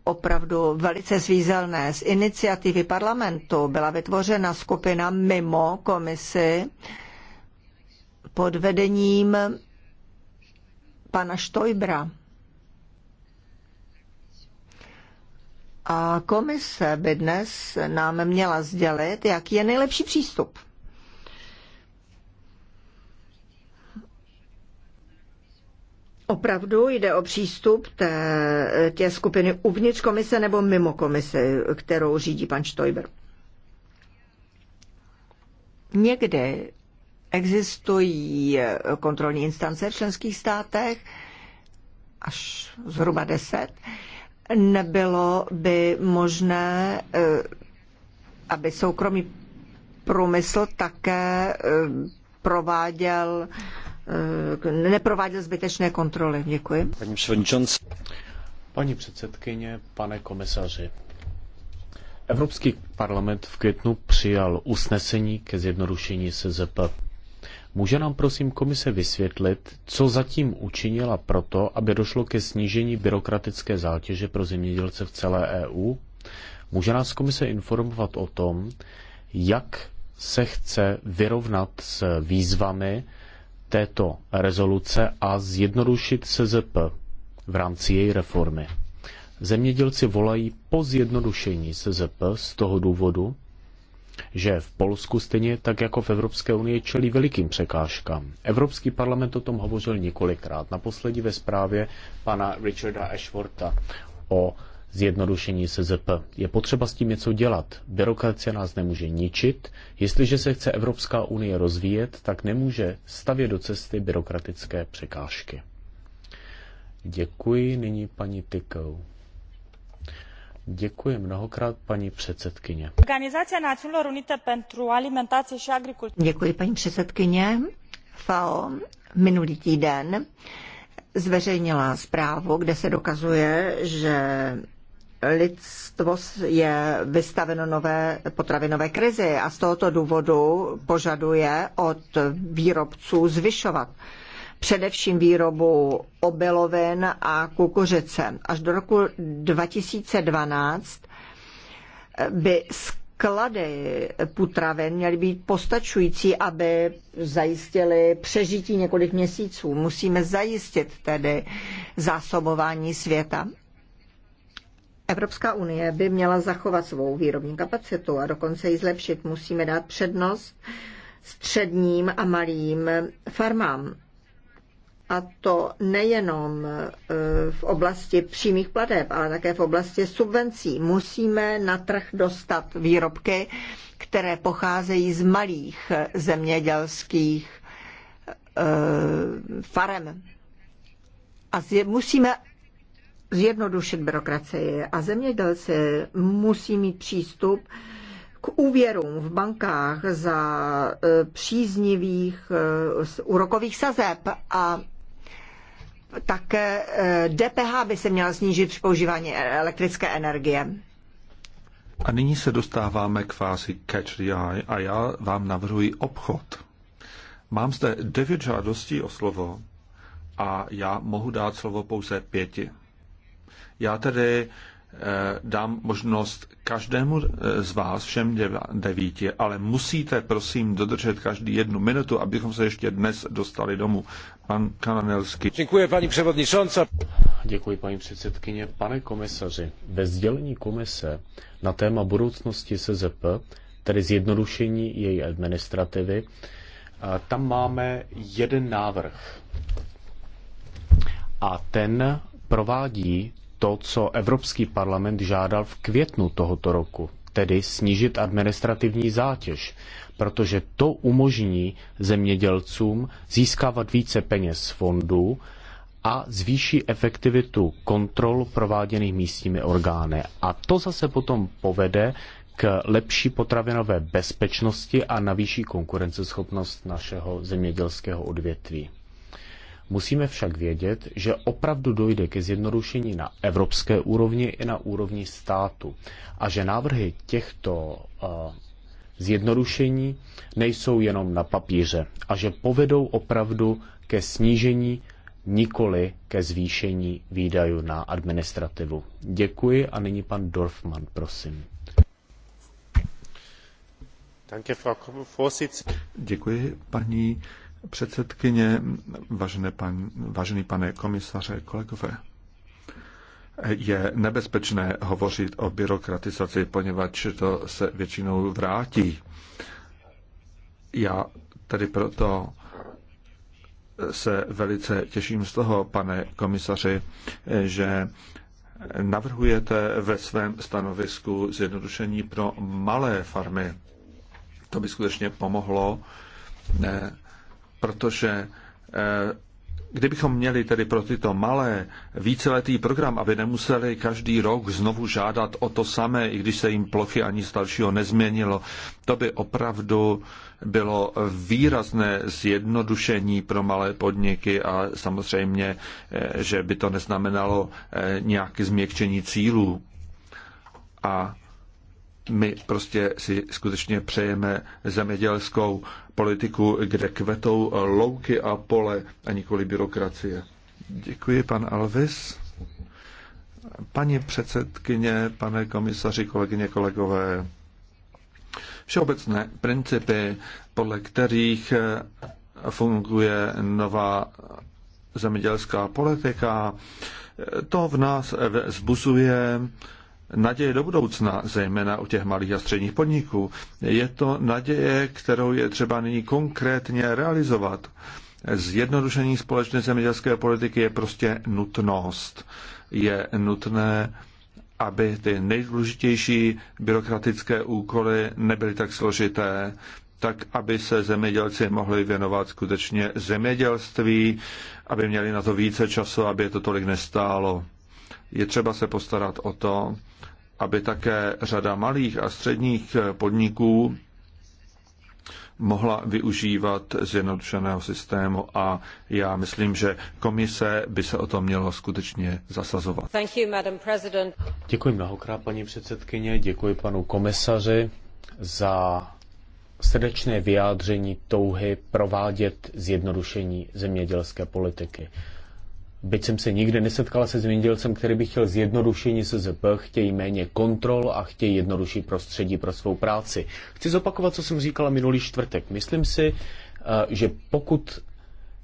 opravdu velice svízelné. Z iniciativy parlamentu byla vytvořena skupina mimo komisi pod vedením pana Štojbra. A komise by dnes nám měla sdělit, jaký je nejlepší přístup. Opravdu jde o přístup té, té skupiny uvnitř komise nebo mimo komise, kterou řídí pan Štojber? Někde existují kontrolní instance v členských státech, až zhruba deset. Nebylo by možné, eh, aby soukromý průmysl také eh, prováděl Eh, neprováděl zbytečné kontroly. Děkuji. Paní předsedající. Paní předsedkyně, pane komisaři, Evropský parlament v květnu přijal usnesení ke zjednodušení SZP. Může nám prosím komise vysvětlit, co zatím učinila proto, aby došlo ke snížení byrokratické zátěže pro zemědělce v celé EU? Může nás komise informovat o tom, jak se chce vyrovnat s výzvami, této rezoluce a zjednodušit SZP v rámci její reformy. Zemědělci volají po zjednodušení SZP z toho důvodu, že v Polsku stejně tak jako v Evropské unii čelí velikým překážkám. Evropský parlament o tom hovořil několikrát, naposledy ve zprávě pana Richarda Ashworta o zjednodušení SZP. Je potřeba s tím něco dělat. Byrokracie nás nemůže ničit. Jestliže se chce Evropská unie rozvíjet, tak nemůže stavět do cesty byrokratické překážky. Děkuji nyní paní Tykou. Děkuji mnohokrát, paní předsedkyně. Organizace Națiunilor Unite pentru alimentaci și agricultură. Děkuji, paní předsedkyně. FAO minulý týden zveřejnila zprávu, kde se dokazuje, že lidstvo je vystaveno nové potravinové krizi a z tohoto důvodu požaduje od výrobců zvyšovat především výrobu obilovin a kukuřice. Až do roku 2012 by sklady potravin měly být postačující, aby zajistili přežití několik měsíců. Musíme zajistit tedy zásobování světa. Evropská unie by měla zachovat svou výrobní kapacitu a dokonce ji zlepšit. Musíme dát přednost středním a malým farmám. A to nejenom e, v oblasti přímých plateb, ale také v oblasti subvencí. Musíme na trh dostat výrobky, které pocházejí z malých zemědělských e, farem. A musíme zjednodušit byrokracie a zemědělci musí mít přístup k úvěrům v bankách za e, příznivých e, úrokových sazeb a také e, DPH by se měla snížit při používání elektrické energie. A nyní se dostáváme k fázi Catch the Eye a já vám navrhuji obchod. Mám zde devět žádostí o slovo a já mohu dát slovo pouze pěti. Já tedy eh, dám možnost každému eh, z vás, všem devíti, ale musíte prosím dodržet každý jednu minutu, abychom se ještě dnes dostali domů. Pan Kananelský. Děkuji, paní převodničonca. Děkuji, paní předsedkyně. Pane komisaři, ve sdělení komise na téma budoucnosti SZP, tedy zjednodušení její administrativy, eh, tam máme jeden návrh. A ten provádí to, co Evropský parlament žádal v květnu tohoto roku, tedy snížit administrativní zátěž, protože to umožní zemědělcům získávat více peněz z fondů a zvýší efektivitu kontrol prováděných místními orgány. A to zase potom povede k lepší potravinové bezpečnosti a navýší konkurenceschopnost našeho zemědělského odvětví. Musíme však vědět, že opravdu dojde ke zjednodušení na evropské úrovni i na úrovni státu a že návrhy těchto eh, zjednodušení nejsou jenom na papíře a že povedou opravdu ke snížení nikoli ke zvýšení výdajů na administrativu. Děkuji a nyní pan Dorfman, prosím. Děkuji, paní předsedkyně, vážené pan, vážený pane komisaře, kolegové. Je nebezpečné hovořit o byrokratizaci, poněvadž to se většinou vrátí. Já tedy proto se velice těším z toho, pane komisaři, že navrhujete ve svém stanovisku zjednodušení pro malé farmy. To by skutečně pomohlo ne, protože eh, kdybychom měli tedy pro tyto malé víceletý program, aby nemuseli každý rok znovu žádat o to samé, i když se jim plochy ani staršího nezměnilo, to by opravdu bylo výrazné zjednodušení pro malé podniky a samozřejmě, eh, že by to neznamenalo eh, nějaké změkčení cílů. A my prostě si skutečně přejeme zemědělskou politiku, kde kvetou louky a pole a nikoli byrokracie. Děkuji, pan Alvis. Paní předsedkyně, pane komisaři, kolegyně, kolegové, všeobecné principy, podle kterých funguje nová zemědělská politika, to v nás e, vzbuzuje naděje do budoucna, zejména u těch malých a středních podniků. Je to naděje, kterou je třeba nyní konkrétně realizovat. Zjednodušení společné zemědělské politiky je prostě nutnost. Je nutné, aby ty nejdůležitější byrokratické úkoly nebyly tak složité, tak aby se zemědělci mohli věnovat skutečně zemědělství, aby měli na to více času, aby je to tolik nestálo. Je třeba se postarat o to, aby také řada malých a středních podniků mohla využívat zjednodušeného systému a já myslím, že komise by se o to mělo skutečně zasazovat. You, děkuji mnohokrát, paní předsedkyně, děkuji panu komisaři za srdečné vyjádření touhy provádět zjednodušení zemědělské politiky. Byť jsem se nikdy nesetkala se zemědělcem, který by chtěl zjednodušení SZP, chtějí méně kontrol a chtějí jednodušší prostředí pro svou práci. Chci zopakovat, co jsem říkala minulý čtvrtek. Myslím si, eh, že pokud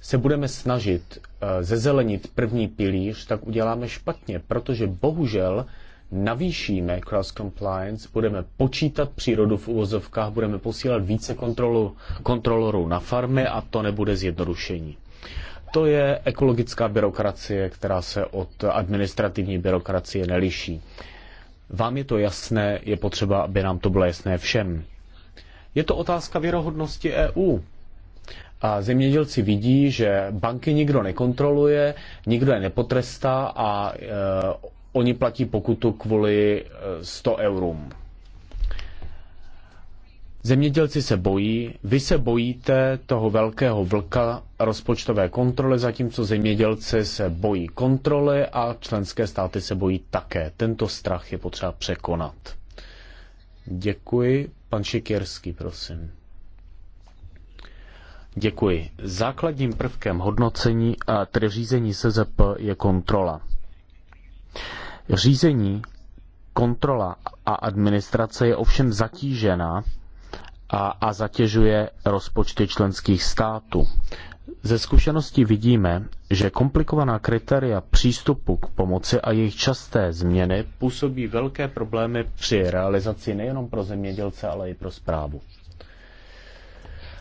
se budeme snažit eh, zezelenit první pilíř, tak uděláme špatně, protože bohužel navýšíme cross-compliance, budeme počítat přírodu v uvozovkách, budeme posílat více kontrolu, kontrolorů na farmy a to nebude zjednodušení to je ekologická byrokracie, která se od administrativní byrokracie neliší. Vám je to jasné, je potřeba, aby nám to bylo jasné všem. Je to otázka věrohodnosti EU. A zemědělci vidí, že banky nikdo nekontroluje, nikdo je nepotrestá a e, oni platí pokutu kvůli 100 e, eurům. Zemědělci se bojí, vy se bojíte toho velkého vlka rozpočtové kontroly, zatímco zemědělci se bojí kontroly a členské státy se bojí také. Tento strach je potřeba překonat. Děkuji. Pan Šikirský, prosím. Děkuji. Základním prvkem hodnocení a tedy řízení SZP je kontrola. Řízení, kontrola a administrace je ovšem zatížena a, a zatěžuje rozpočty členských států. Ze zkušeností vidíme, že komplikovaná kritéria přístupu k pomoci a jejich časté změny působí velké problémy při realizaci nejenom pro zemědělce, ale i pro zprávu.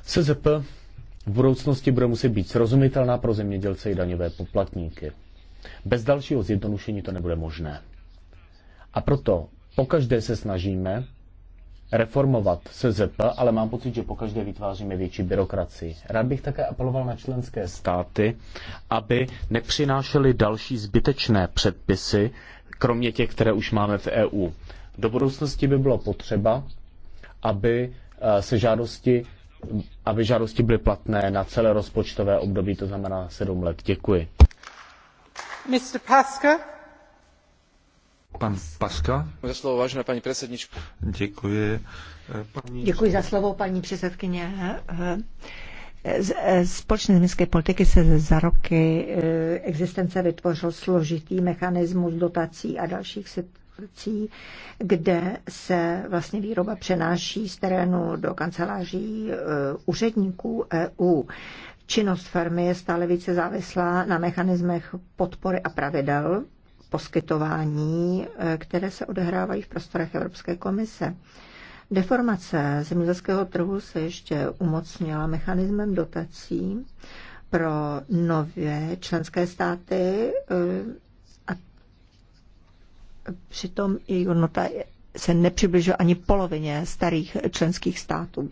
CZP v budoucnosti bude muset být srozumitelná pro zemědělce i daňové poplatníky. Bez dalšího zjednodušení to nebude možné. A proto pokaždé se snažíme reformovat SZP, ale mám pocit, že pokaždé vytváříme větší byrokracii. Rád bych také apeloval na členské státy, aby nepřinášely další zbytečné předpisy, kromě těch, které už máme v EU. Do budoucnosti by bylo potřeba, aby eh, se žádosti aby žádosti byly platné na celé rozpočtové období, to znamená 7 let. Děkuji. Mr. Pasca. Pan Paska. Za slovo, vážená paní předsedničko. Děkuji. Eh, paní... Děkuji za slovo, paní předsedkyně. Eh, společné zemědělské politiky se za roky eh, existence vytvořil složitý mechanismus dotací a dalších situací, kde se vlastně výroba přenáší z terénu do kanceláří úředníků EU. Činnost firmy je stále více závislá na mechanismech podpory a pravidel, poskytování, eh, které se odehrávají v prostorech Evropské komise. Deformace zemědělského trhu se ještě umocnila mechanismem dotací pro nové členské státy eh, a přitom její hodnota se nepřibližuje ani polovině starých členských států.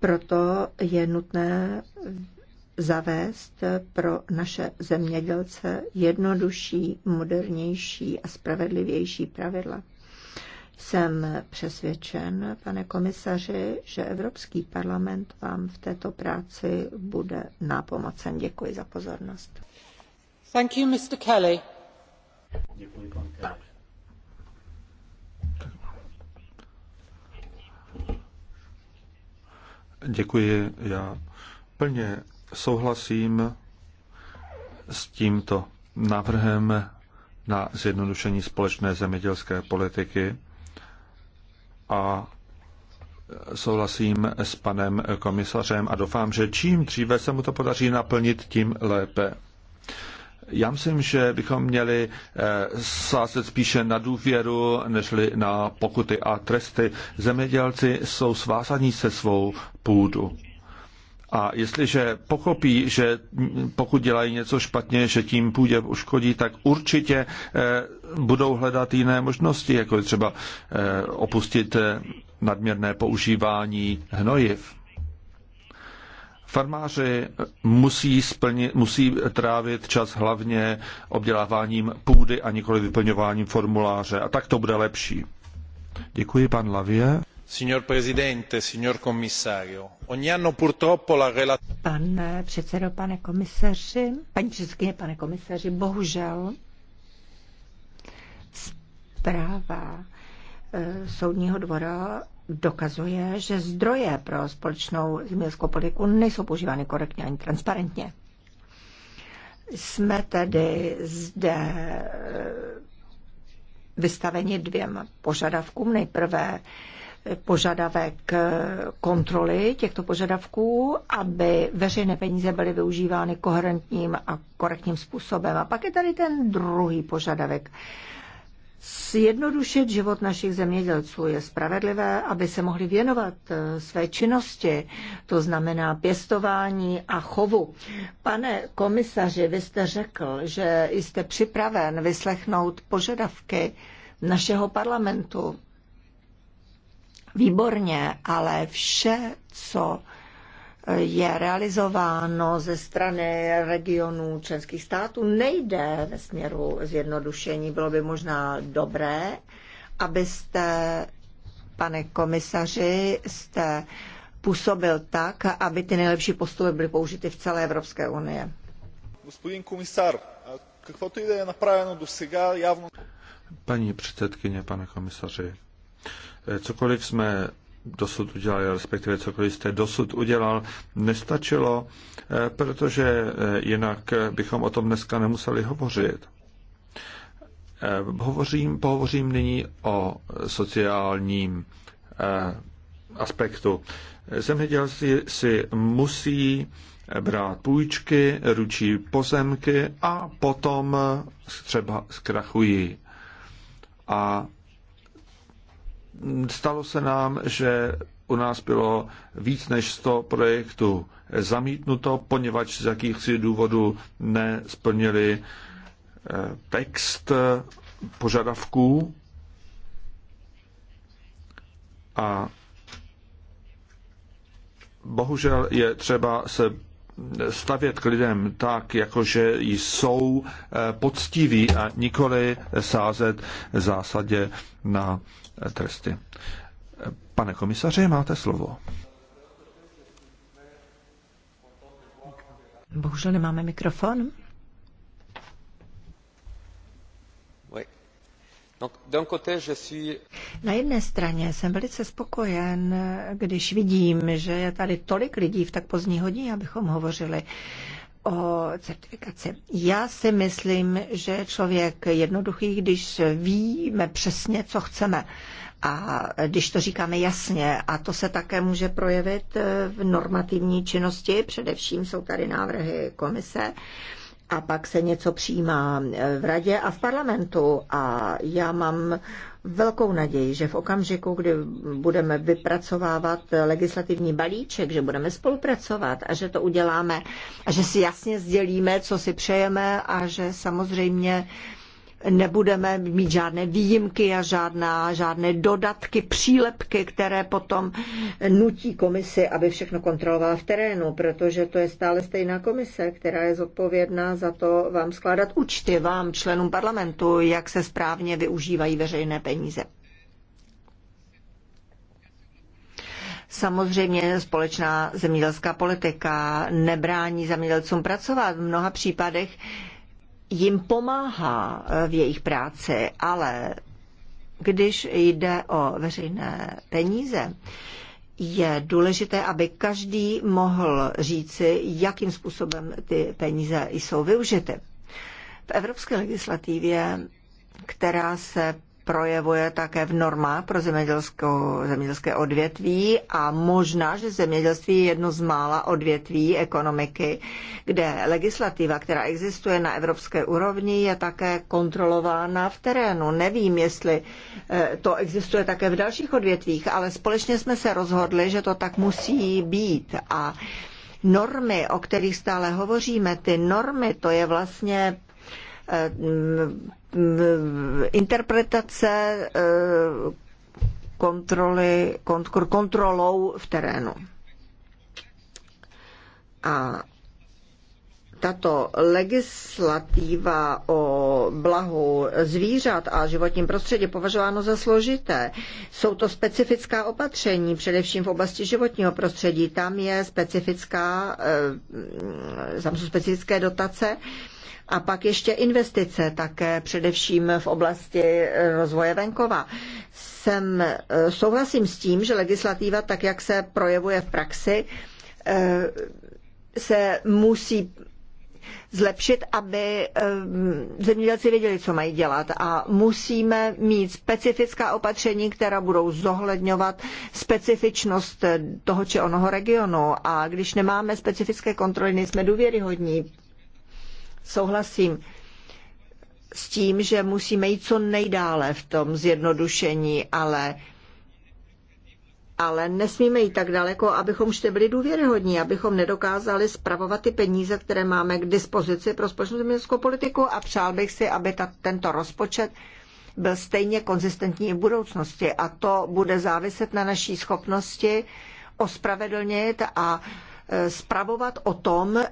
Proto je nutné zavést pro naše zemědělce jednodušší, modernější a spravedlivější pravidla. Jsem přesvědčen, pane komisaři, že Evropský parlament vám v této práci bude nápomocen. Děkuji za pozornost. Thank you, Mr. Kelly. Děkuji, pan Kelly. Děkuji, já plně souhlasím s tímto návrhem na zjednodušení společné zemědělské politiky a souhlasím s panem komisařem a doufám, že čím dříve se mu to podaří naplnit, tím lépe. Já myslím, že bychom měli eh, sázet spíše na důvěru, nežli na pokuty a tresty. Zemědělci jsou svázaní se svou půdu. A jestliže pochopí, že pokud dělají něco špatně, že tím půjde uškodí, tak určitě eh, budou hledat jiné možnosti, jako je třeba eh, opustit eh, nadměrné používání hnojiv. Farmáři musí, splnit, musí trávit čas hlavně obděláváním půdy a nikoli vyplňováním formuláře. A tak to bude lepší. Děkuji, pan Lavie signor presidente signor commissario ogni anno purtroppo la relazione. pane pane komisaři pane komisaři bohužel zpráva eh, soudního dvora dokazuje, že zdroje pro společnou zemědělskou politiku nejsou používány korektně ani transparentně. Jsme tedy zde eh, vystaveni dvěma požadavkům. Nejprve požadavek kontroly těchto požadavků, aby veřejné peníze byly využívány koherentním a korektním způsobem. A pak je tady ten druhý požadavek. Sjednodušit život našich zemědělců je spravedlivé, aby se mohli věnovat eh, své činnosti, to znamená pěstování a chovu. Pane komisaři, vy jste řekl, že jste připraven vyslechnout požadavky našeho parlamentu výborně, ale vše, co je realizováno ze strany regionů členských států, nejde ve směru zjednodušení. Bylo by možná dobré, abyste, pane komisaři, jste působil tak, aby ty nejlepší postupy byly použity v celé Evropské unie. Господин комисар, каквото to да е направено до сега, Paní předsedkyně, pane komisaři, cokoliv jsme dosud udělali, respektive cokoliv jste dosud udělal, nestačilo, eh, protože eh, jinak bychom o tom dneska nemuseli hovořit. Eh, hovořím, pohovořím nyní o sociálním aspektu. Zemědělci si musí brát půjčky, ručí pozemky a potom třeba zkrachují. A Stalo se nám, že u nás bylo víc než 100 projektů zamítnuto, poněvadž z jakýchsi důvodů nesplnili eh, text požadavků a bohužel je třeba se stavět k lidem tak, jakože jsou eh, poctiví a nikoli sázet v zásadě na eh, tresty. Eh, pane komisaři, máte slovo. Bohužel nemáme mikrofon. Na jedné straně jsem velice spokojen, když vidím, že je tady tolik lidí v tak pozdní hodině, abychom hovořili o certifikaci. Já si myslím, že je člověk jednoduchý, když víme přesně, co chceme. A když to říkáme jasně, a to se také může projevit v normativní činnosti, především jsou tady návrhy komise, a pak se něco přijímá eh, v radě a v parlamentu. A já mám velkou naději, že v okamžiku, kdy budeme vypracovávat legislativní balíček, že budeme spolupracovat a že to uděláme a že si jasně sdělíme, co si přejeme a že samozřejmě nebudeme mít žádné výjimky a žádná, žádné dodatky, přílepky, které potom nutí komisi, aby všechno kontrolovala v terénu, protože to je stále stejná komise, která je zodpovědná za to vám skládat účty, vám, členům parlamentu, jak se správně využívají veřejné peníze. Samozřejmě společná zemědělská politika nebrání zemědělcům pracovat. V mnoha případech jim pomáhá eh, v jejich práci, ale když jde o veřejné peníze, je důležité, aby každý mohl říci, jakým způsobem ty peníze jsou využity. V evropské legislativě, která se projevuje také v normách pro zemědělské odvětví a možná, že zemědělství je jedno z mála odvětví ekonomiky, kde legislativa, která existuje na evropské úrovni, je také kontrolována v terénu. Nevím, jestli eh, to existuje také v dalších odvětvích, ale společně jsme se rozhodli, že to tak musí být. A normy, o kterých stále hovoříme, ty normy, to je vlastně eh, interpretace eh, kontroly, kontrolou v terénu. A tato legislativa o blahu zvířat a životním prostředí považováno za složité. Jsou to specifická opatření, především v oblasti životního prostředí. Tam je specifická, eh, tam jsou specifické dotace, a pak ještě investice, také především v oblasti eh, rozvoje venkova. Jsem, eh, souhlasím s tím, že legislativa, tak jak se projevuje v praxi, eh, se musí zlepšit, aby zemědělci věděli, co mají dělat. A musíme mít specifická opatření, která budou zohledňovat specifičnost toho či onoho regionu. A když nemáme specifické kontroly, nejsme důvěryhodní souhlasím s tím, že musíme jít co nejdále v tom zjednodušení, ale ale nesmíme jít tak daleko, abychom ještě byli důvěryhodní, abychom nedokázali spravovat ty peníze, které máme k dispozici pro společnou zemědělskou politiku a přál bych si, aby ta, tento rozpočet byl stejně konzistentní i v budoucnosti a to bude záviset na naší schopnosti ospravedlnit a spravovat o tom, eh,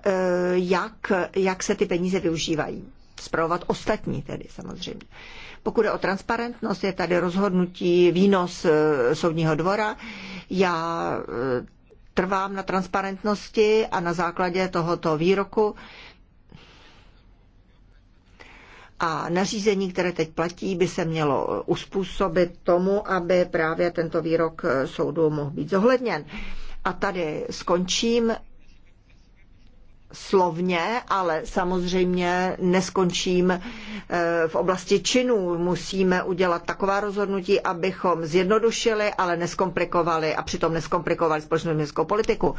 jak, jak se ty peníze využívají. Spravovat ostatní tedy samozřejmě. Pokud je o transparentnost, je tady rozhodnutí výnos eh, soudního dvora. Já eh, trvám na transparentnosti a na základě tohoto výroku a nařízení, které teď platí, by se mělo uspůsobit tomu, aby právě tento výrok soudu mohl být zohledněn. A tady skončím slovně, ale samozřejmě neskončím eh, v oblasti činů. Musíme udělat taková rozhodnutí, abychom zjednodušili, ale neskomplikovali a přitom neskomplikovali společnou městskou politiku.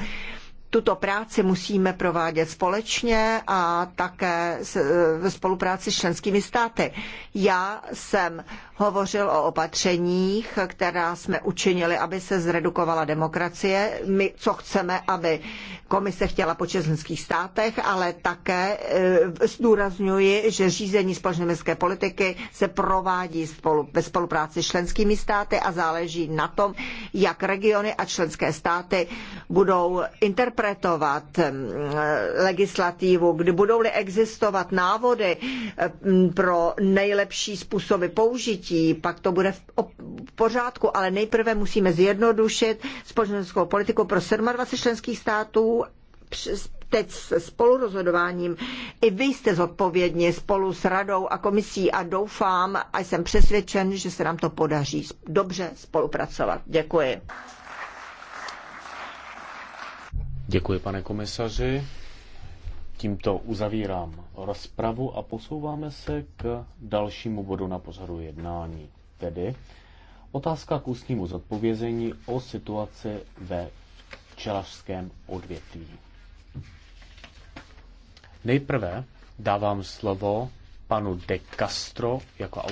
Tuto práci musíme provádět společně a také eh, ve spolupráci s členskými státy. Já jsem hovořil o opatřeních, která jsme učinili, aby se zredukovala demokracie. My, co chceme, aby komise chtěla po českých státech, ale také e, zdůrazňuji, že řízení společné politiky se provádí spolu, ve spolupráci s členskými státy a záleží na tom, jak regiony a členské státy budou interpretovat e, legislativu, kdy budou-li existovat návody e, pro nejlepší způsoby použití dětí, pak to bude v pořádku, ale nejprve musíme zjednodušit společenskou politiku pro 27 členských států teď se spolurozhodováním. I vy jste zodpovědní spolu s radou a komisí a doufám a jsem přesvědčen, že se nám to podaří dobře spolupracovat. Děkuji. Děkuji, pane komisaři. Tímto uzavírám rozpravu a posouváme se k dalšímu bodu na pořadu jednání, tedy otázka k ústnímu zodpovězení o situaci ve včelařském odvětví. Nejprve dávám slovo panu De Castro jako